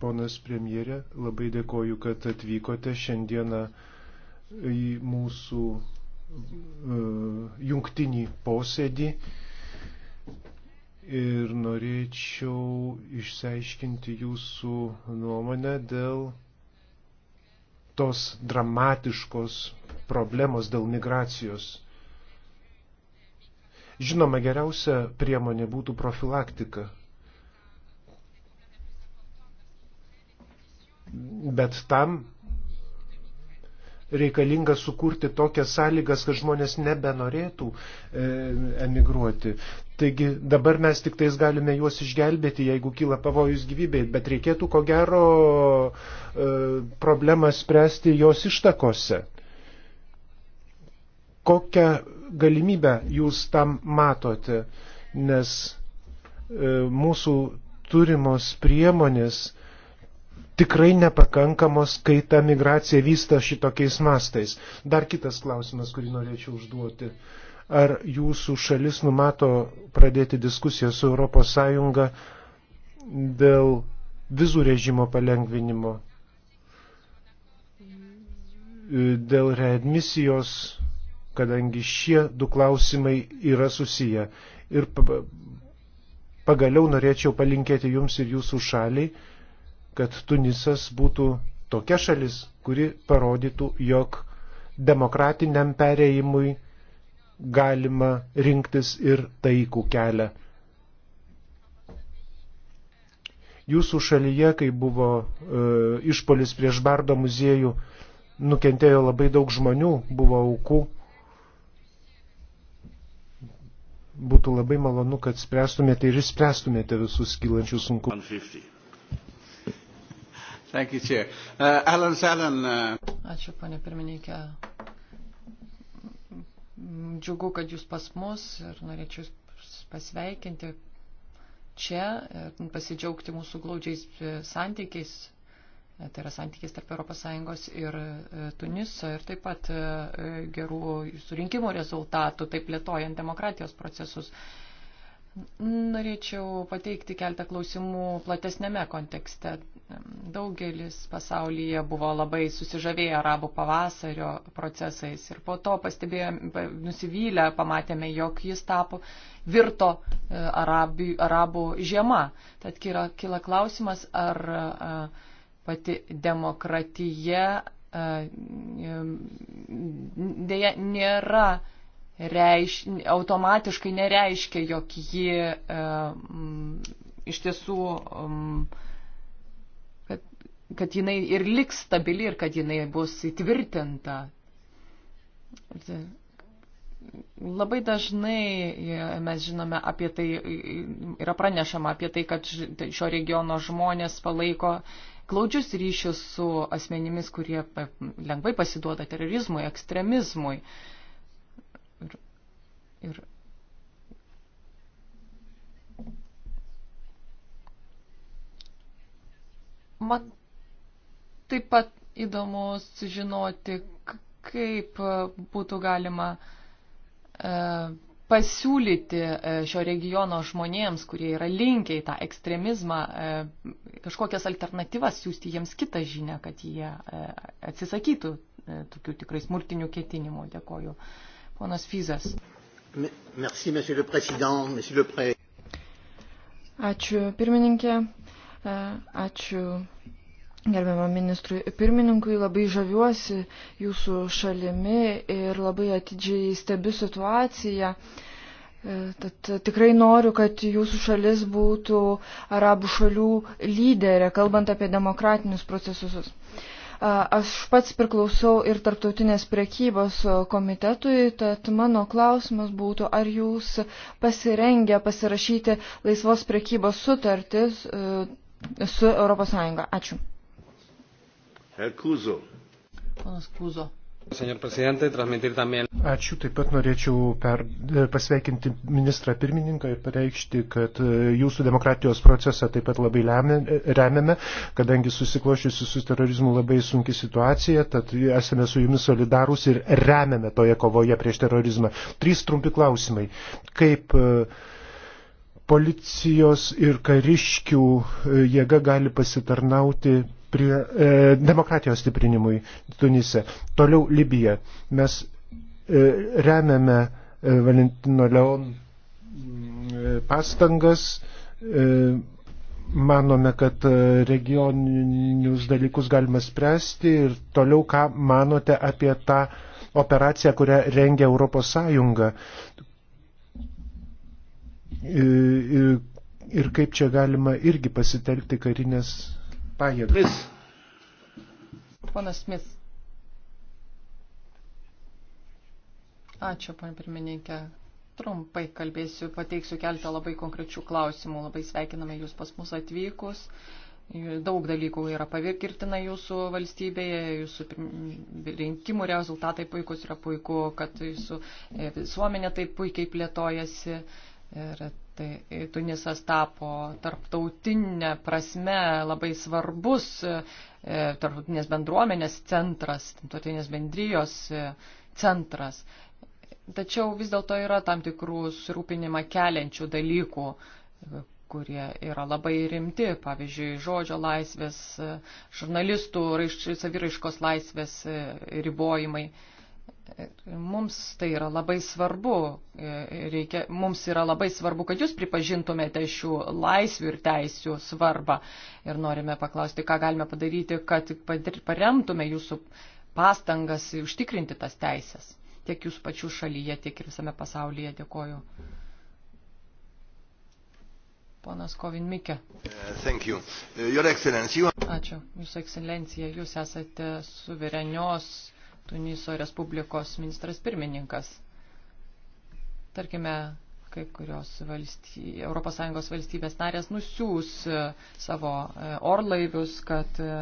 Ponas premjerė, labai dėkoju, kad atvykote šiandieną į mūsų e, jungtinį posėdį. E, ir norėčiau išsiaiškinti jūsų nuomonę dėl tos dramatiškos problemos dėl migracijos. Žinoma, geriausia priemonė būtų profilaktika. Bet tam reikalinga sukurti tokias sąlygas, kad žmonės nebenorėtų e, emigruoti. Taigi dabar mes tik tais galime juos išgelbėti, jeigu kyla pavojus gyvybei, bet reikėtų ko gero e, problemą spręsti jos ištakose. Kokią galimybę jūs tam matote, nes e, mūsų turimos priemonės e, tikrai nepakankamos, kai ta migracija vysta šitokiais mastais. Dar kitas klausimas, kurį norėčiau užduoti. Ar jūsų šalis numato pradėti diskusiją su ES dėl vizų režimo palengvinimo, dėl readmisijos, kadangi šie du klausimai yra susiję. Ir pagaliau norėčiau palinkėti jums ir jūsų šaliai kad Tunisas būtų tokia šalis, kuri parodytų, jog demokratiniam perėjimui galima rinktis ir taikų kelią. Jūsų šalyje, kai buvo e, išpolis prieš Bardo muziejų, nukentėjo labai daug žmonių, buvo aukų. Būtų labai malonu, kad spręstumėte ir išspręstumėte visus kylančius sunkumus. Thank you, Chair. Uh, Alan Salon. Uh... Ačiū, ponė pirmininkė. Džiugu, kad jūs pas mus ir norėčiau pasveikinti čia ir pasidžiaugti mūsų glaudžiais e, santykiais. E, tai yra santykis tarp ES ir e, Tuniso ir taip pat gerų surinkimo rezultatų, taip plėtojant demokratijos procesus. Uh, Norėčiau pateikti keltą klausimų platesnėme kontekste. Daugelis pasaulyje buvo labai susižavėję arabų pavasario procesais ir po to pastebėjome, nusivylę, pamatėme, jog jis tapo virto e, arabi, arabų žiema. Tad kyla, kyla klausimas, ar e, pati demokratija e, dėja nėra reiš, automatiškai nereiškia, jog ji e, m, mm, iš tiesų, m, mm, kad, kad jinai ir liks stabili ir kad jinai bus įtvirtinta. Labai dažnai e, mes žinome apie tai, yra pranešama apie tai, kad tai šio regiono žmonės palaiko glaudžius ryšius su asmenimis, kurie lengvai pasiduoda terorizmui, ekstremizmui. E, Taip pat įdomu sužinoti, kaip e, būtų galima e, pasiūlyti e, šio regiono žmonėms, kurie yra linkę į tą ekstremizmą, kažkokias alternatyvas, siūsti jiems kitą žinę, kad jie atsisakytų tokių tikrai smurtinių ketinimų. Dėkoju. Ponas Fizas. Merci, monsieur le président, monsieur le pré. Ačiū, pirmininkė. Ačiū Gerbiamą ministrui pirmininkui labai žaviuosi jūsų šalimi ir labai atidžiai stebiu situaciją. E, tad tikrai noriu, kad jūsų šalis būtų arabų šalių lyderė, kalbant apie demokratinius procesus. E, aš pats priklausau ir tarptautinės priekybos komitetui, tad mano klausimas būtų, ar jūs pasirengę pasirašyti laisvos priekybos sutartis e, su ES. Ačiū. Herr Kuzo. Ponas Kuzo. Ačiū, taip pat norėčiau per, e, pasveikinti ministrą pirmininką ir pareikšti, kad e, jūsų demokratijos procesą taip pat labai e, remiame, kadangi susiklošiusi su terorizmu labai sunki situacija, tad esame su jumis solidarūs ir remiame toje kovoje prieš terorizmą. Trys trumpi klausimai. Kaip policijos ir kariškių jėga gali pasitarnauti stipri, e, demokratijos stiprinimui Tunise. Toliau Libija. Mes e, remiame e, Valentino Leon mm, e, pastangas. E, manome, kad e, regioninius dalykus galima spręsti ir toliau ką manote apie tą operaciją, kurią rengia Europos Sąjunga. Ir, e, e, ir kaip čia galima irgi pasitelkti karinės pajėgų. Ponas Smith. Ačiū, pan pirmininkė. Trumpai kalbėsiu, pateiksiu keletą labai konkrečių klausimų. Labai sveikiname Jūs pas mus atvykus. Daug dalykų yra pavirkirtina jūsų valstybėje, jūsų rinkimų rezultatai puikus yra puiku, kad jūsų e, visuomenė taip puikiai plėtojasi Ir tai Tunisas tapo tarptautinė prasme labai svarbus e, tarptautinės bendruomenės centras, tarptautinės bendrijos e, centras. Tačiau vis dėlto yra tam tikrų surūpinimą keliančių dalykų, e, kurie yra labai rimti, pavyzdžiui, žodžio laisvės, žurnalistų saviraiškos laisvės ribojimai. Mums tai yra labai svarbu, e, reikia, mums yra labai svarbu, kad jūs pripažintumėte šių laisvių ir teisių svarbą. Ir norime paklausti, ką galime padaryti, kad paremtume jūsų pastangas užtikrinti tas teisės. Tiek jūsų pačių šalyje, tiek ir visame pasaulyje. Dėkoju. Ponas Kovin Mikė. Ačiū. Jūsų ekscelencija, jūs esate suverenios Tuniso Respublikos ministras pirmininkas. Tarkime, kai kurios valsty... ES valstybės narės nusiūs e, savo e, orlaivius, kad e,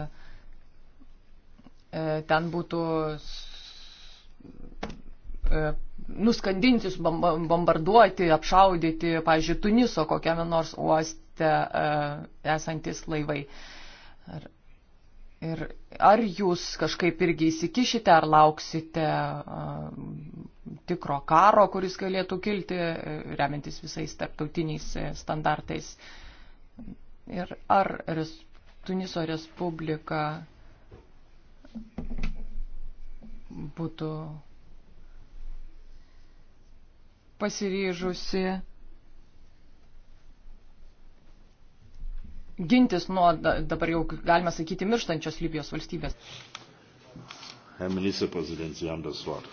ten būtų nuskandinti, bombarduoti, apšaudyti, pavyzdžiui, Tuniso kokiame nors uoste esantis laivai. Ar Ir ar jūs kažkaip irgi įsikišite, ar lauksite uh, tikro karo, kuris galėtų kilti, e, remiantis visais tarptautiniais e, standartais? Ir ar res, Tuniso Respublika būtų pasiryžusi gintis nuo dabar jau galima sakyti mirštančios Libijos valstybės. Herr Ministerpräsident, Sie haben das Wort.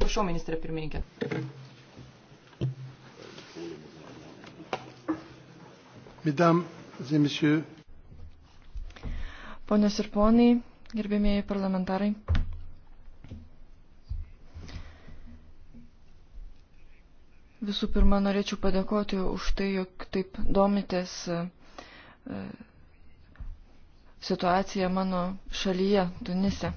Prašau, ministrė pirmininkė. Mesdames et messieurs. Ponios ir ponai, gerbėmėjai parlamentarai. Visų pirma, norėčiau padėkoti už tai, jog taip domitės e, e, situacija mano šalyje, Tunise.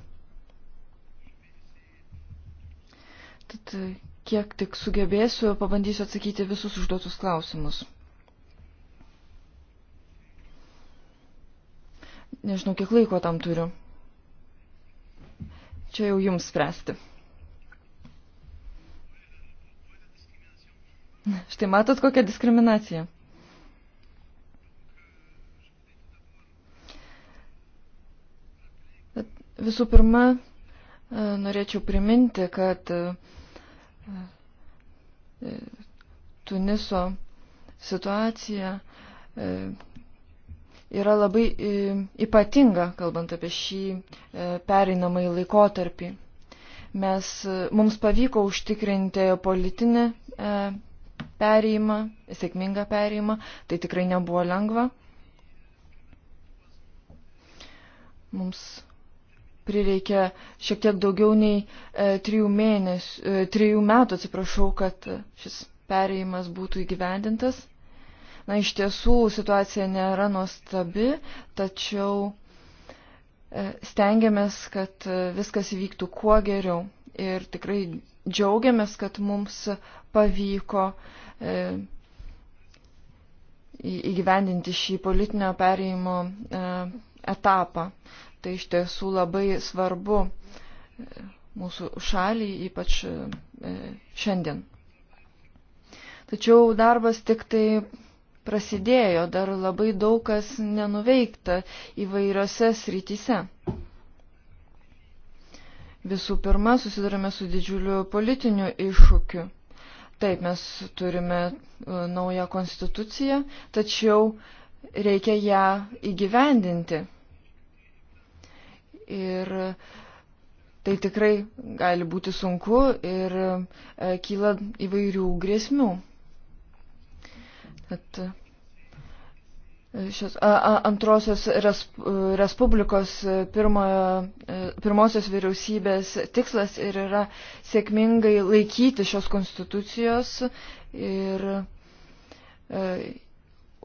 Tad e, kiek tik sugebėsiu, pabandysiu atsakyti visus užduotus klausimus. Nežinau, kiek laiko tam turiu. Čia jau jums spręsti. Štai matot, kokia diskriminacija. Bet visų pirma, e, norėčiau priminti, kad e, e, Tuniso situacija yra labai ypatinga, kalbant apie šį pereinamąjį laikotarpį. Mes, mums pavyko užtikrinti politinį perėjimą, sėkmingą perėjimą. Tai tikrai nebuvo lengva. Mums prireikė šiek tiek daugiau nei e, trijų, mėnesių, e, trijų metų, atsiprašau, kad šis perėjimas būtų įgyvendintas. Na, iš tiesų situacija nėra nuostabi, tačiau e, stengiamės, kad e, viskas įvyktų kuo geriau. Ir tikrai džiaugiamės, kad mums pavyko e, įgyvendinti šį politinio perėjimo e, etapą. Tai iš tiesų labai svarbu e, mūsų šaliai, ypač šiandien. Tačiau darbas tik tai prasidėjo, dar labai daug kas nenuveikta įvairiose srityse. Visų pirma, susidurime su didžiuliu politiniu iššūkiu. Taip, mes turime e, naują konstituciją, tačiau reikia ją įgyvendinti. Ir tai tikrai gali būti sunku ir e, kyla įvairių grėsmių. Tad šios a, a, antrosios res, Respublikos e, pirmojo, e, pirmosios vyriausybės tikslas ir yra sėkmingai laikyti šios konstitucijos ir a, e,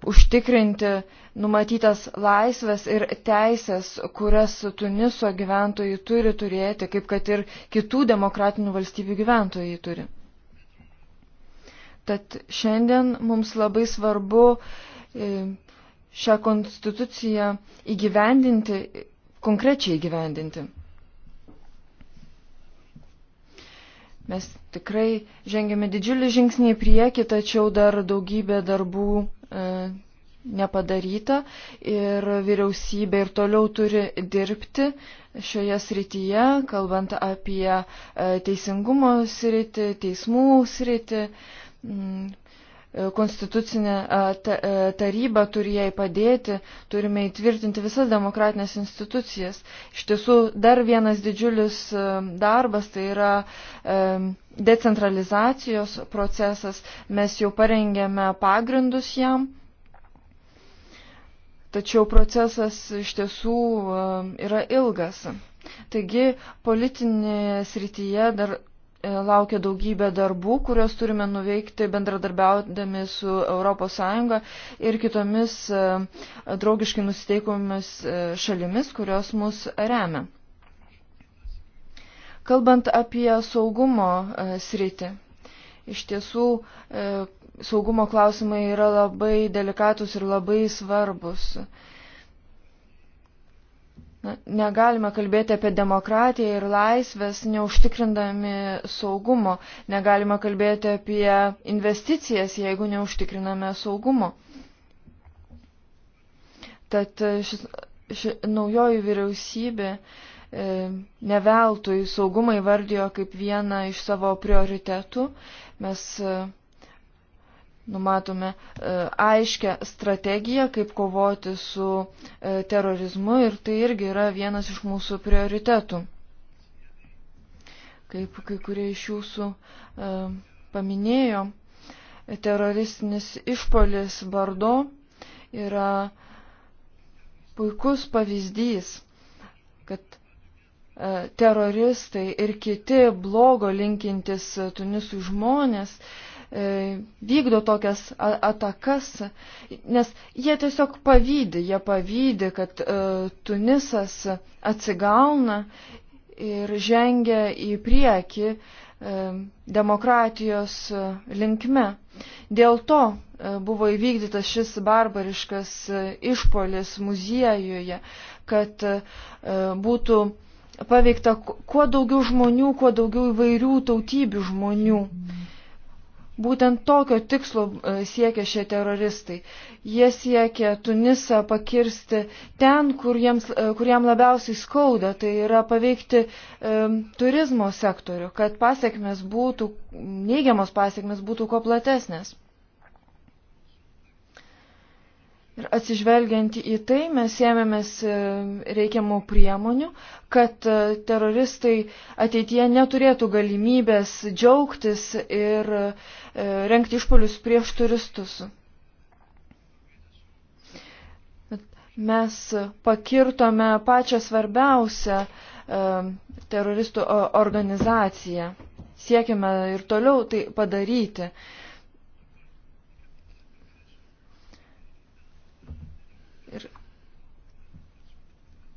užtikrinti numatytas laisvės ir teisės, kurias Tuniso gyventojai turi turėti, kaip kad ir kitų demokratinių valstybių gyventojai turi. Tad šiandien mums labai svarbu šią konstituciją įgyvendinti, konkrečiai įgyvendinti. Mes tikrai žengėme didžiulį žingsnį į priekį, tačiau dar daugybė darbų e, nepadaryta ir vyriausybė ir toliau turi dirbti šioje srityje, kalbant apie e, teisingumo sritį, teismų sritį, m, mm, konstitucinė taryba turi jai padėti, turime įtvirtinti visas demokratinės institucijas. Iš tiesų, dar vienas didžiulis darbas tai yra decentralizacijos procesas. Mes jau parengėme pagrindus jam. Tačiau procesas iš tiesų yra ilgas. Taigi politinėje srityje dar E, laukia daugybė darbų, kuriuos turime nuveikti bendradarbiaudami su ES ir kitomis e, draugiškai nusiteikomis e, šalimis, kurios mus remia. Kalbant apie saugumo sritį, iš tiesų saugumo klausimai yra labai delikatus ir labai svarbus. Na, negalime kalbėti apie demokratiją ir laisvės, neužtikrindami saugumo. Negalime kalbėti apie investicijas, jeigu neužtikriname saugumo. Tad šis, ši, naujoji vyriausybė e, neveltui saugumą įvardijo kaip vieną iš savo prioritetų. Mes e, numatome e, aiškę strategiją, kaip kovoti su e, terorizmu ir tai irgi yra vienas iš mūsų prioritetų. Kaip kai kurie iš jūsų e, paminėjo, teroristinis išpolis Bardo yra puikus pavyzdys, kad teroristai ir kiti blogo linkintis Tunisų žmonės uh, E, vykdo tokias atakas, nes jie tiesiog pavydė, jie pavydė, kad e, Tunisas atsigauna ir žengia į priekį e, demokratijos linkme. Dėl to buvo įvykdytas šis barbariškas išpolis muziejuje, kad būtų paveikta kuo daugiau žmonių, kuo daugiau įvairių tautybių žmonių. Mm. Būtent tokio tikslo e, siekia šie teroristai. Jie siekia Tunisą pakirsti ten, kur jiems, e, kur jam labiausiai skauda, tai yra paveikti e, turizmo sektorių, kad pasiekmes būtų, neigiamos pasiekmes būtų kuo platesnės. Ir atsižvelgiant į tai, mes ėmėmės e, reikiamų priemonių, kad e, teroristai ateityje neturėtų galimybės džiaugtis ir e, renkti išpolius prieš turistus. Mes pakirtome pačią svarbiausią teroristų organizaciją. Siekime ir toliau tai padaryti.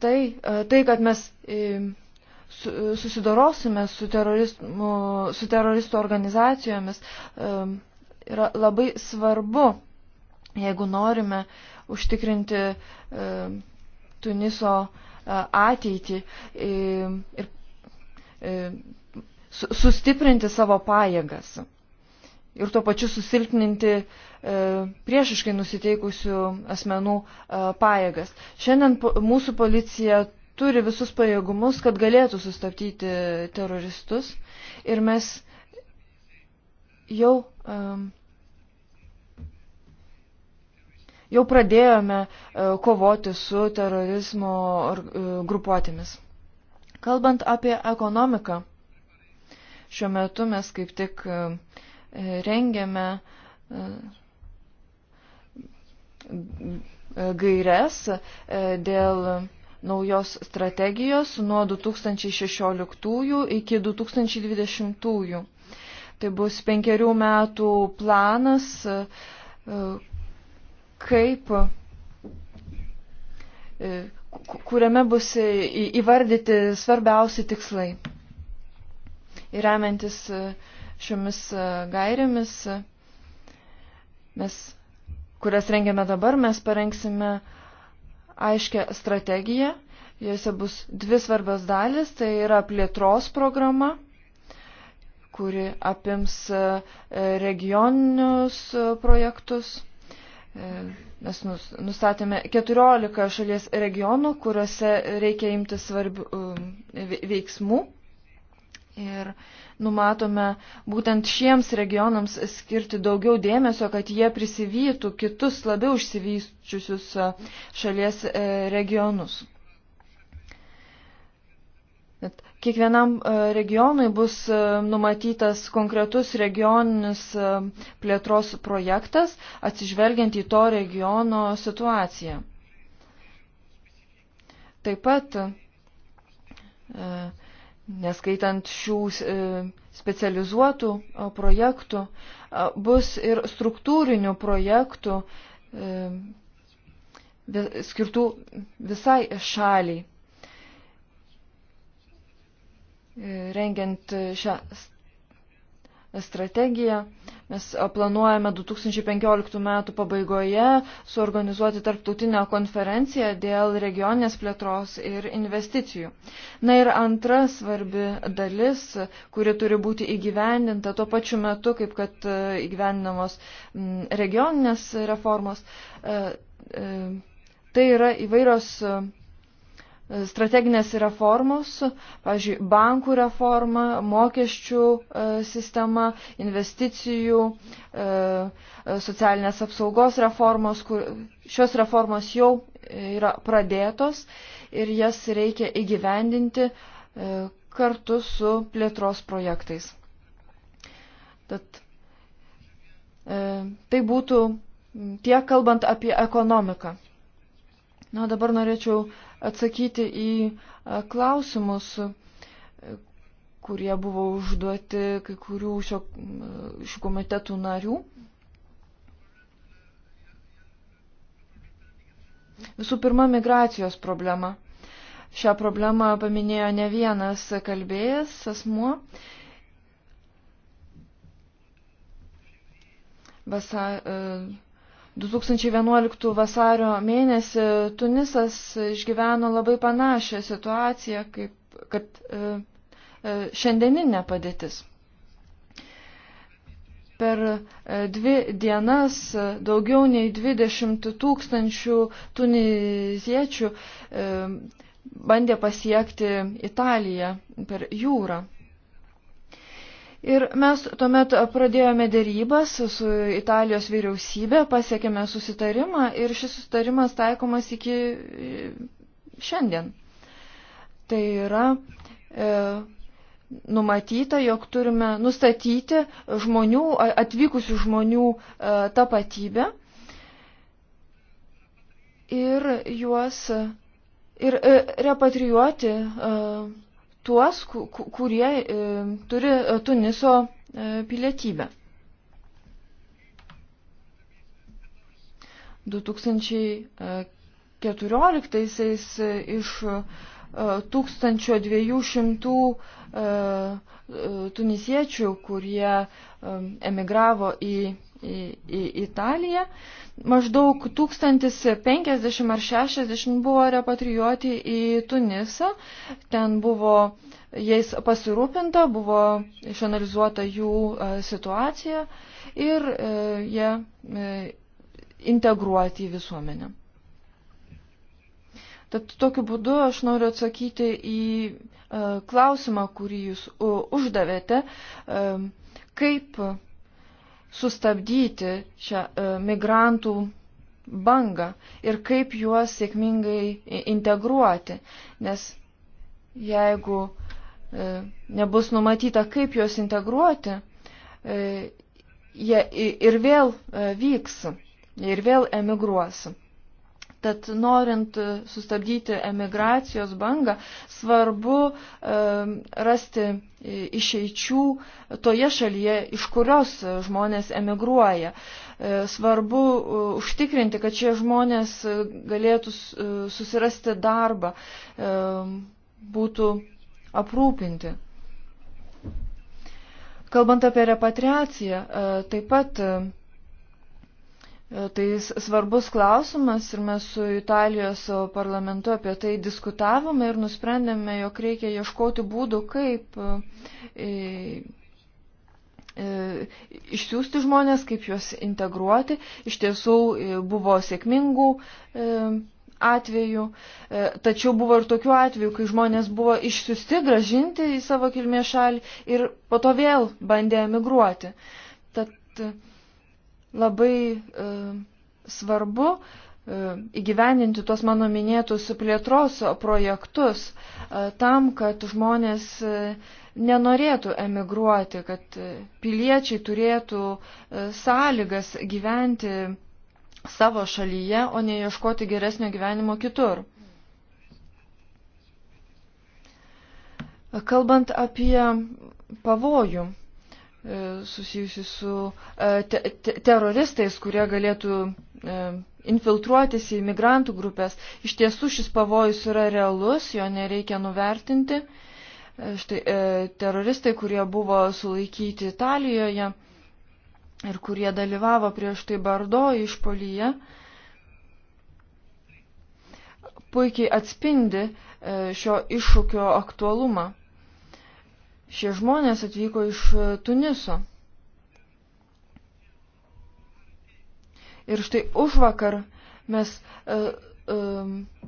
tai, e, tai kad mes e, susidorosime su, su teroristų organizacijomis, e, yra labai svarbu, jeigu norime užtikrinti Tuniso ateitį ir sustiprinti savo pajėgas ir tuo pačiu susilpninti e, priešiškai nusiteikusių asmenų e, pajėgas. Šiandien po, mūsų policija turi visus pajėgumus, kad galėtų sustabdyti teroristus ir mes jau, e, jau pradėjome e, kovoti su terorizmo e, grupuotėmis. Kalbant apie ekonomiką, šiuo metu mes kaip tik e, rengiame e, gairias e, dėl naujos strategijos nuo 2016 iki 2020. Tai bus penkerių metų planas, e, kaip, kuriame bus įvardyti svarbiausi tikslai. Ir remiantis uh, šiomis e, gairėmis, mes, kurias rengiame dabar, mes parengsime aiškę strategiją. Jose bus dvi svarbios dalis, tai yra plėtros programa kuri apims e, regioninius e, projektus. Mes nustatėme 14 šalies regionų, kuriuose reikia imti svarbių veiksmų. Ir numatome būtent šiems regionams skirti daugiau dėmesio, kad jie prisivytų kitus labiau išsivysčiusius e, šalies e, regionus. Bet kiekvienam e, regionui bus numatytas konkretus regioninis plėtros projektas, atsižvelgiant į to regiono situaciją. Taip pat neskaitant šių e, specializuotų e, projektų, e, bus ir struktūrinių projektų skirtų visai šaliai. Rengiant šią strategiją. Mes planuojame 2015 metų pabaigoje suorganizuoti tarptautinę konferenciją dėl regioninės plėtros ir investicijų. Na ir antra svarbi dalis, kuri turi būti įgyvendinta tuo pačiu metu, kaip kad e, įgyvendinamos regioninės reformos, e, e, tai yra įvairios strateginės reformos, pavyzdžiui, bankų reforma, mokesčių e, sistema, investicijų, e, socialinės apsaugos reformos, kur šios reformos jau yra pradėtos ir jas reikia įgyvendinti e, kartu su plėtros projektais. Tad tai būtų tiek kalbant apie ekonomiką. Na, dabar norėčiau uh, atsakyti į klausimus, kurie buvo užduoti kai kurių šio, šių komitetų narių. Visų pirma, migracijos problema. Šią problemą paminėjo ne vienas kalbėjas asmuo. Vasa, e, 2011 vasario mėnesį Tunisas išgyveno labai panašią situaciją, kaip kad e, e, šiandieninė padėtis. Per e, dvi dienas daugiau nei 20 tūkstančių tuniziečių e, bandė pasiekti Italiją per jūrą. Ir mes tuomet pradėjome dėrybas su Italijos vyriausybė, pasiekėme susitarimą ir šis susitarimas taikomas iki e, šiandien. Tai yra e, numatyta, jog turime nustatyti žmonių, atvykusių žmonių e, tapatybę ir juos ir e, repatrijuoti. E, tuos, kurie e, turi e, Tuniso e, pilietybę. 2014-aisiais iš 1200 tunisiečių, kurie emigravo į į, į Italiją. Maždaug 1050 ar 60 buvo repatrijuoti į Tunisą. Ten buvo jais pasirūpinta, buvo išanalizuota jų e, situacija ir e, jie e, integruoti į visuomenę. Tad tokiu būdu aš noriu atsakyti į klausimą, kurį jūs uždavėte, kaip sustabdyti šią e, migrantų bangą ir kaip juos sėkmingai integruoti. Nes jeigu e, nebus numatyta, kaip juos integruoti, e, jie ir vėl vyks, ir vėl emigruos. Tad norint sustabdyti emigracijos bangą, svarbu e, rasti išeičių toje šalyje, iš kurios žmonės emigruoja. E, svarbu e, užtikrinti, kad šie žmonės galėtų e, susirasti darbą, e, būtų aprūpinti. Kalbant apie repatriaciją, e, taip pat E, tai svarbus klausimas ir mes su Italijos parlamentu apie tai diskutavome ir nusprendėme, jog reikia ieškoti būdų, kaip e, e, išsiųsti žmonės, kaip juos integruoti. Iš tiesų buvo sėkmingų atvejų, tačiau buvo ir tokių atvejų, kai žmonės buvo išsiųsti, gražinti į savo kilmės šalį ir po to vėl bandė emigruoti. Tad labai e, svarbu e, įgyveninti tuos mano minėtus plėtros projektus e, tam, kad žmonės e, nenorėtų emigruoti, kad piliečiai turėtų sąlygas gyventi savo šalyje, o ne ieškoti geresnio gyvenimo kitur. Kalbant apie pavojų, E, susijusi su e, te te teroristais, kurie galėtų e, infiltruotis į migrantų grupės. Iš tiesų šis pavojus yra realus, jo nereikia nuvertinti. Štai teroristai, kurie buvo sulaikyti Italijoje ir kurie dalyvavo prieš tai Bardo išpolyje, puikiai atspindi šio iššūkio aktualumą. Šie žmonės atvyko iš e, Tuniso. Ir štai už vakar mes uh, uh,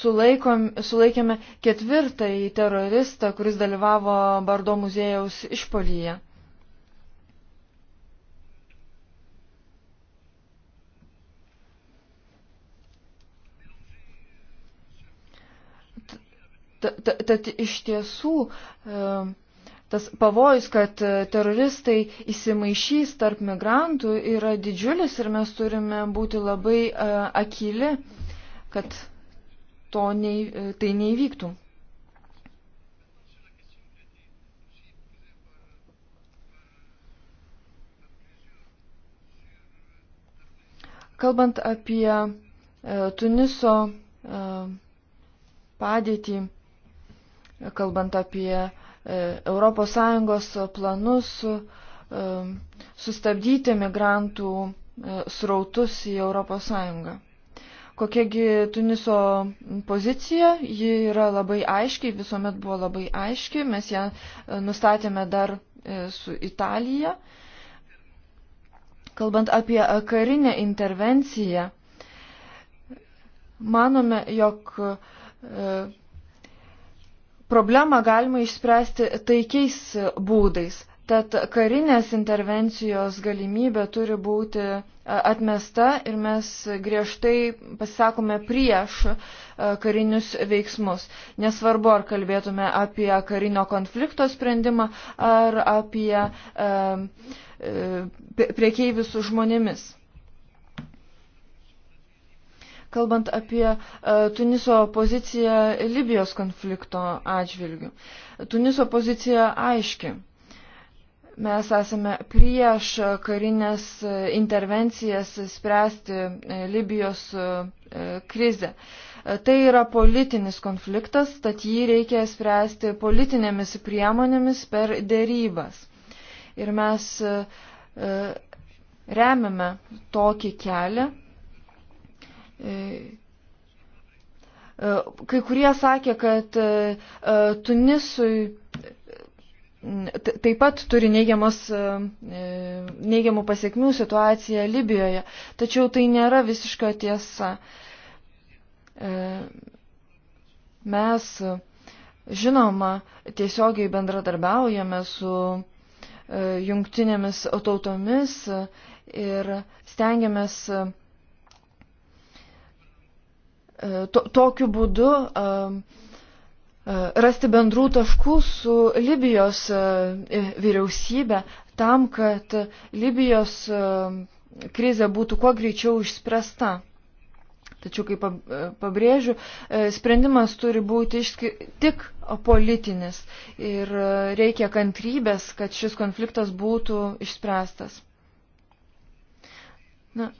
sulaikom, sulaikėme ketvirtąjį teroristą, kuris dalyvavo Bardo muziejaus išpolyje. Tad iš tiesų uh, tas pavojus, kad e, teroristai įsimaišys tarp migrantų yra didžiulis ir mes turime būti labai e, akili, kad to nei, e, tai neįvyktų. Kalbant apie e, Tuniso e, padėtį, kalbant apie e, ES planus e, sustabdyti migrantų e, srautus į ES. Kokiagi Tuniso pozicija, ji yra labai aiškiai, visuomet buvo labai aiški, mes ją e, nustatėme dar su Italija. Kalbant apie karinę intervenciją, manome, jog problemą galima išspręsti taikiais būdais. Tad karinės intervencijos galimybė turi būti e, atmesta ir mes griežtai pasisakome prieš e, karinius veiksmus. Nesvarbu, ar kalbėtume apie karinio konflikto sprendimą ar apie e, priekeivius žmonėmis kalbant apie e, Tuniso poziciją Libijos konflikto atžvilgių. Tuniso pozicija aiški. Mes esame prieš karinės e, intervencijas spręsti e, Libijos krizę. Tai yra politinis konfliktas, tad jį reikia spręsti politinėmis priemonėmis per dėrybas. Ir mes remiame tokį kelią, E, e, kai kurie sakė, kad e, Tunisui taip pat turi neigiamas, neigiamų pasiekmių situacija Libijoje, tačiau tai nėra visiška tiesa. Mes, žinoma, tiesiogiai bendradarbiaujame su jungtinėmis tautomis ir stengiamės E, to, tokiu būdu e, e, rasti bendrų taškų su Libijos vyriausybė tam, kad Libijos krizė būtų kuo greičiau išspręsta. Tačiau, kaip pabrėžiu, sprendimas turi būti išski... tik politinis ir reikia kantrybės, kad šis konfliktas būtų išspręstas. Na,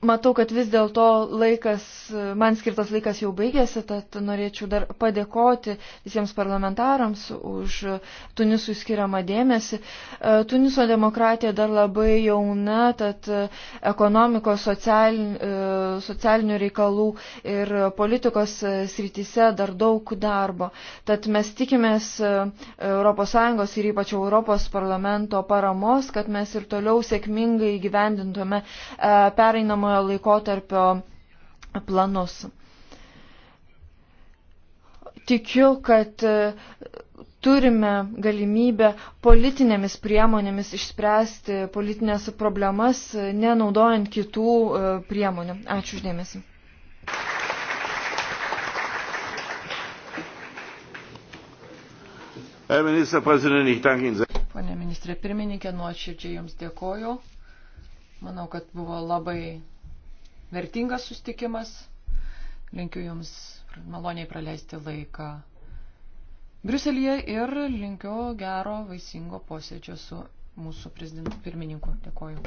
Matau, kad vis dėlto laikas, man skirtas laikas jau baigėsi, tad norėčiau dar padėkoti visiems parlamentarams už Tunisų skiriamą dėmesį. E, Tuniso demokratija dar labai jauna, tad ekonomikos, social, e, socialinių reikalų ir politikos srityse dar daug darbo. Tad mes tikimės ES ir ypač Europos parlamento paramos, kad mes ir toliau sėkmingai gyvendintume e, pereinamą pereinamojo laikotarpio planus. Tikiu, kad e, turime galimybę politinėmis priemonėmis išspręsti politinės problemas, e, nenaudojant kitų e, priemonių. Ačiū uždėmesi. Pone ministrė pirmininkė, nuoširdžiai Jums dėkoju. Manau, kad buvo labai vertingas sustikimas. Linkiu Jums maloniai praleisti laiką Briuselėje ir linkiu gero, vaisingo posėdžio su mūsų prezidentu pirmininku. Dėkoju.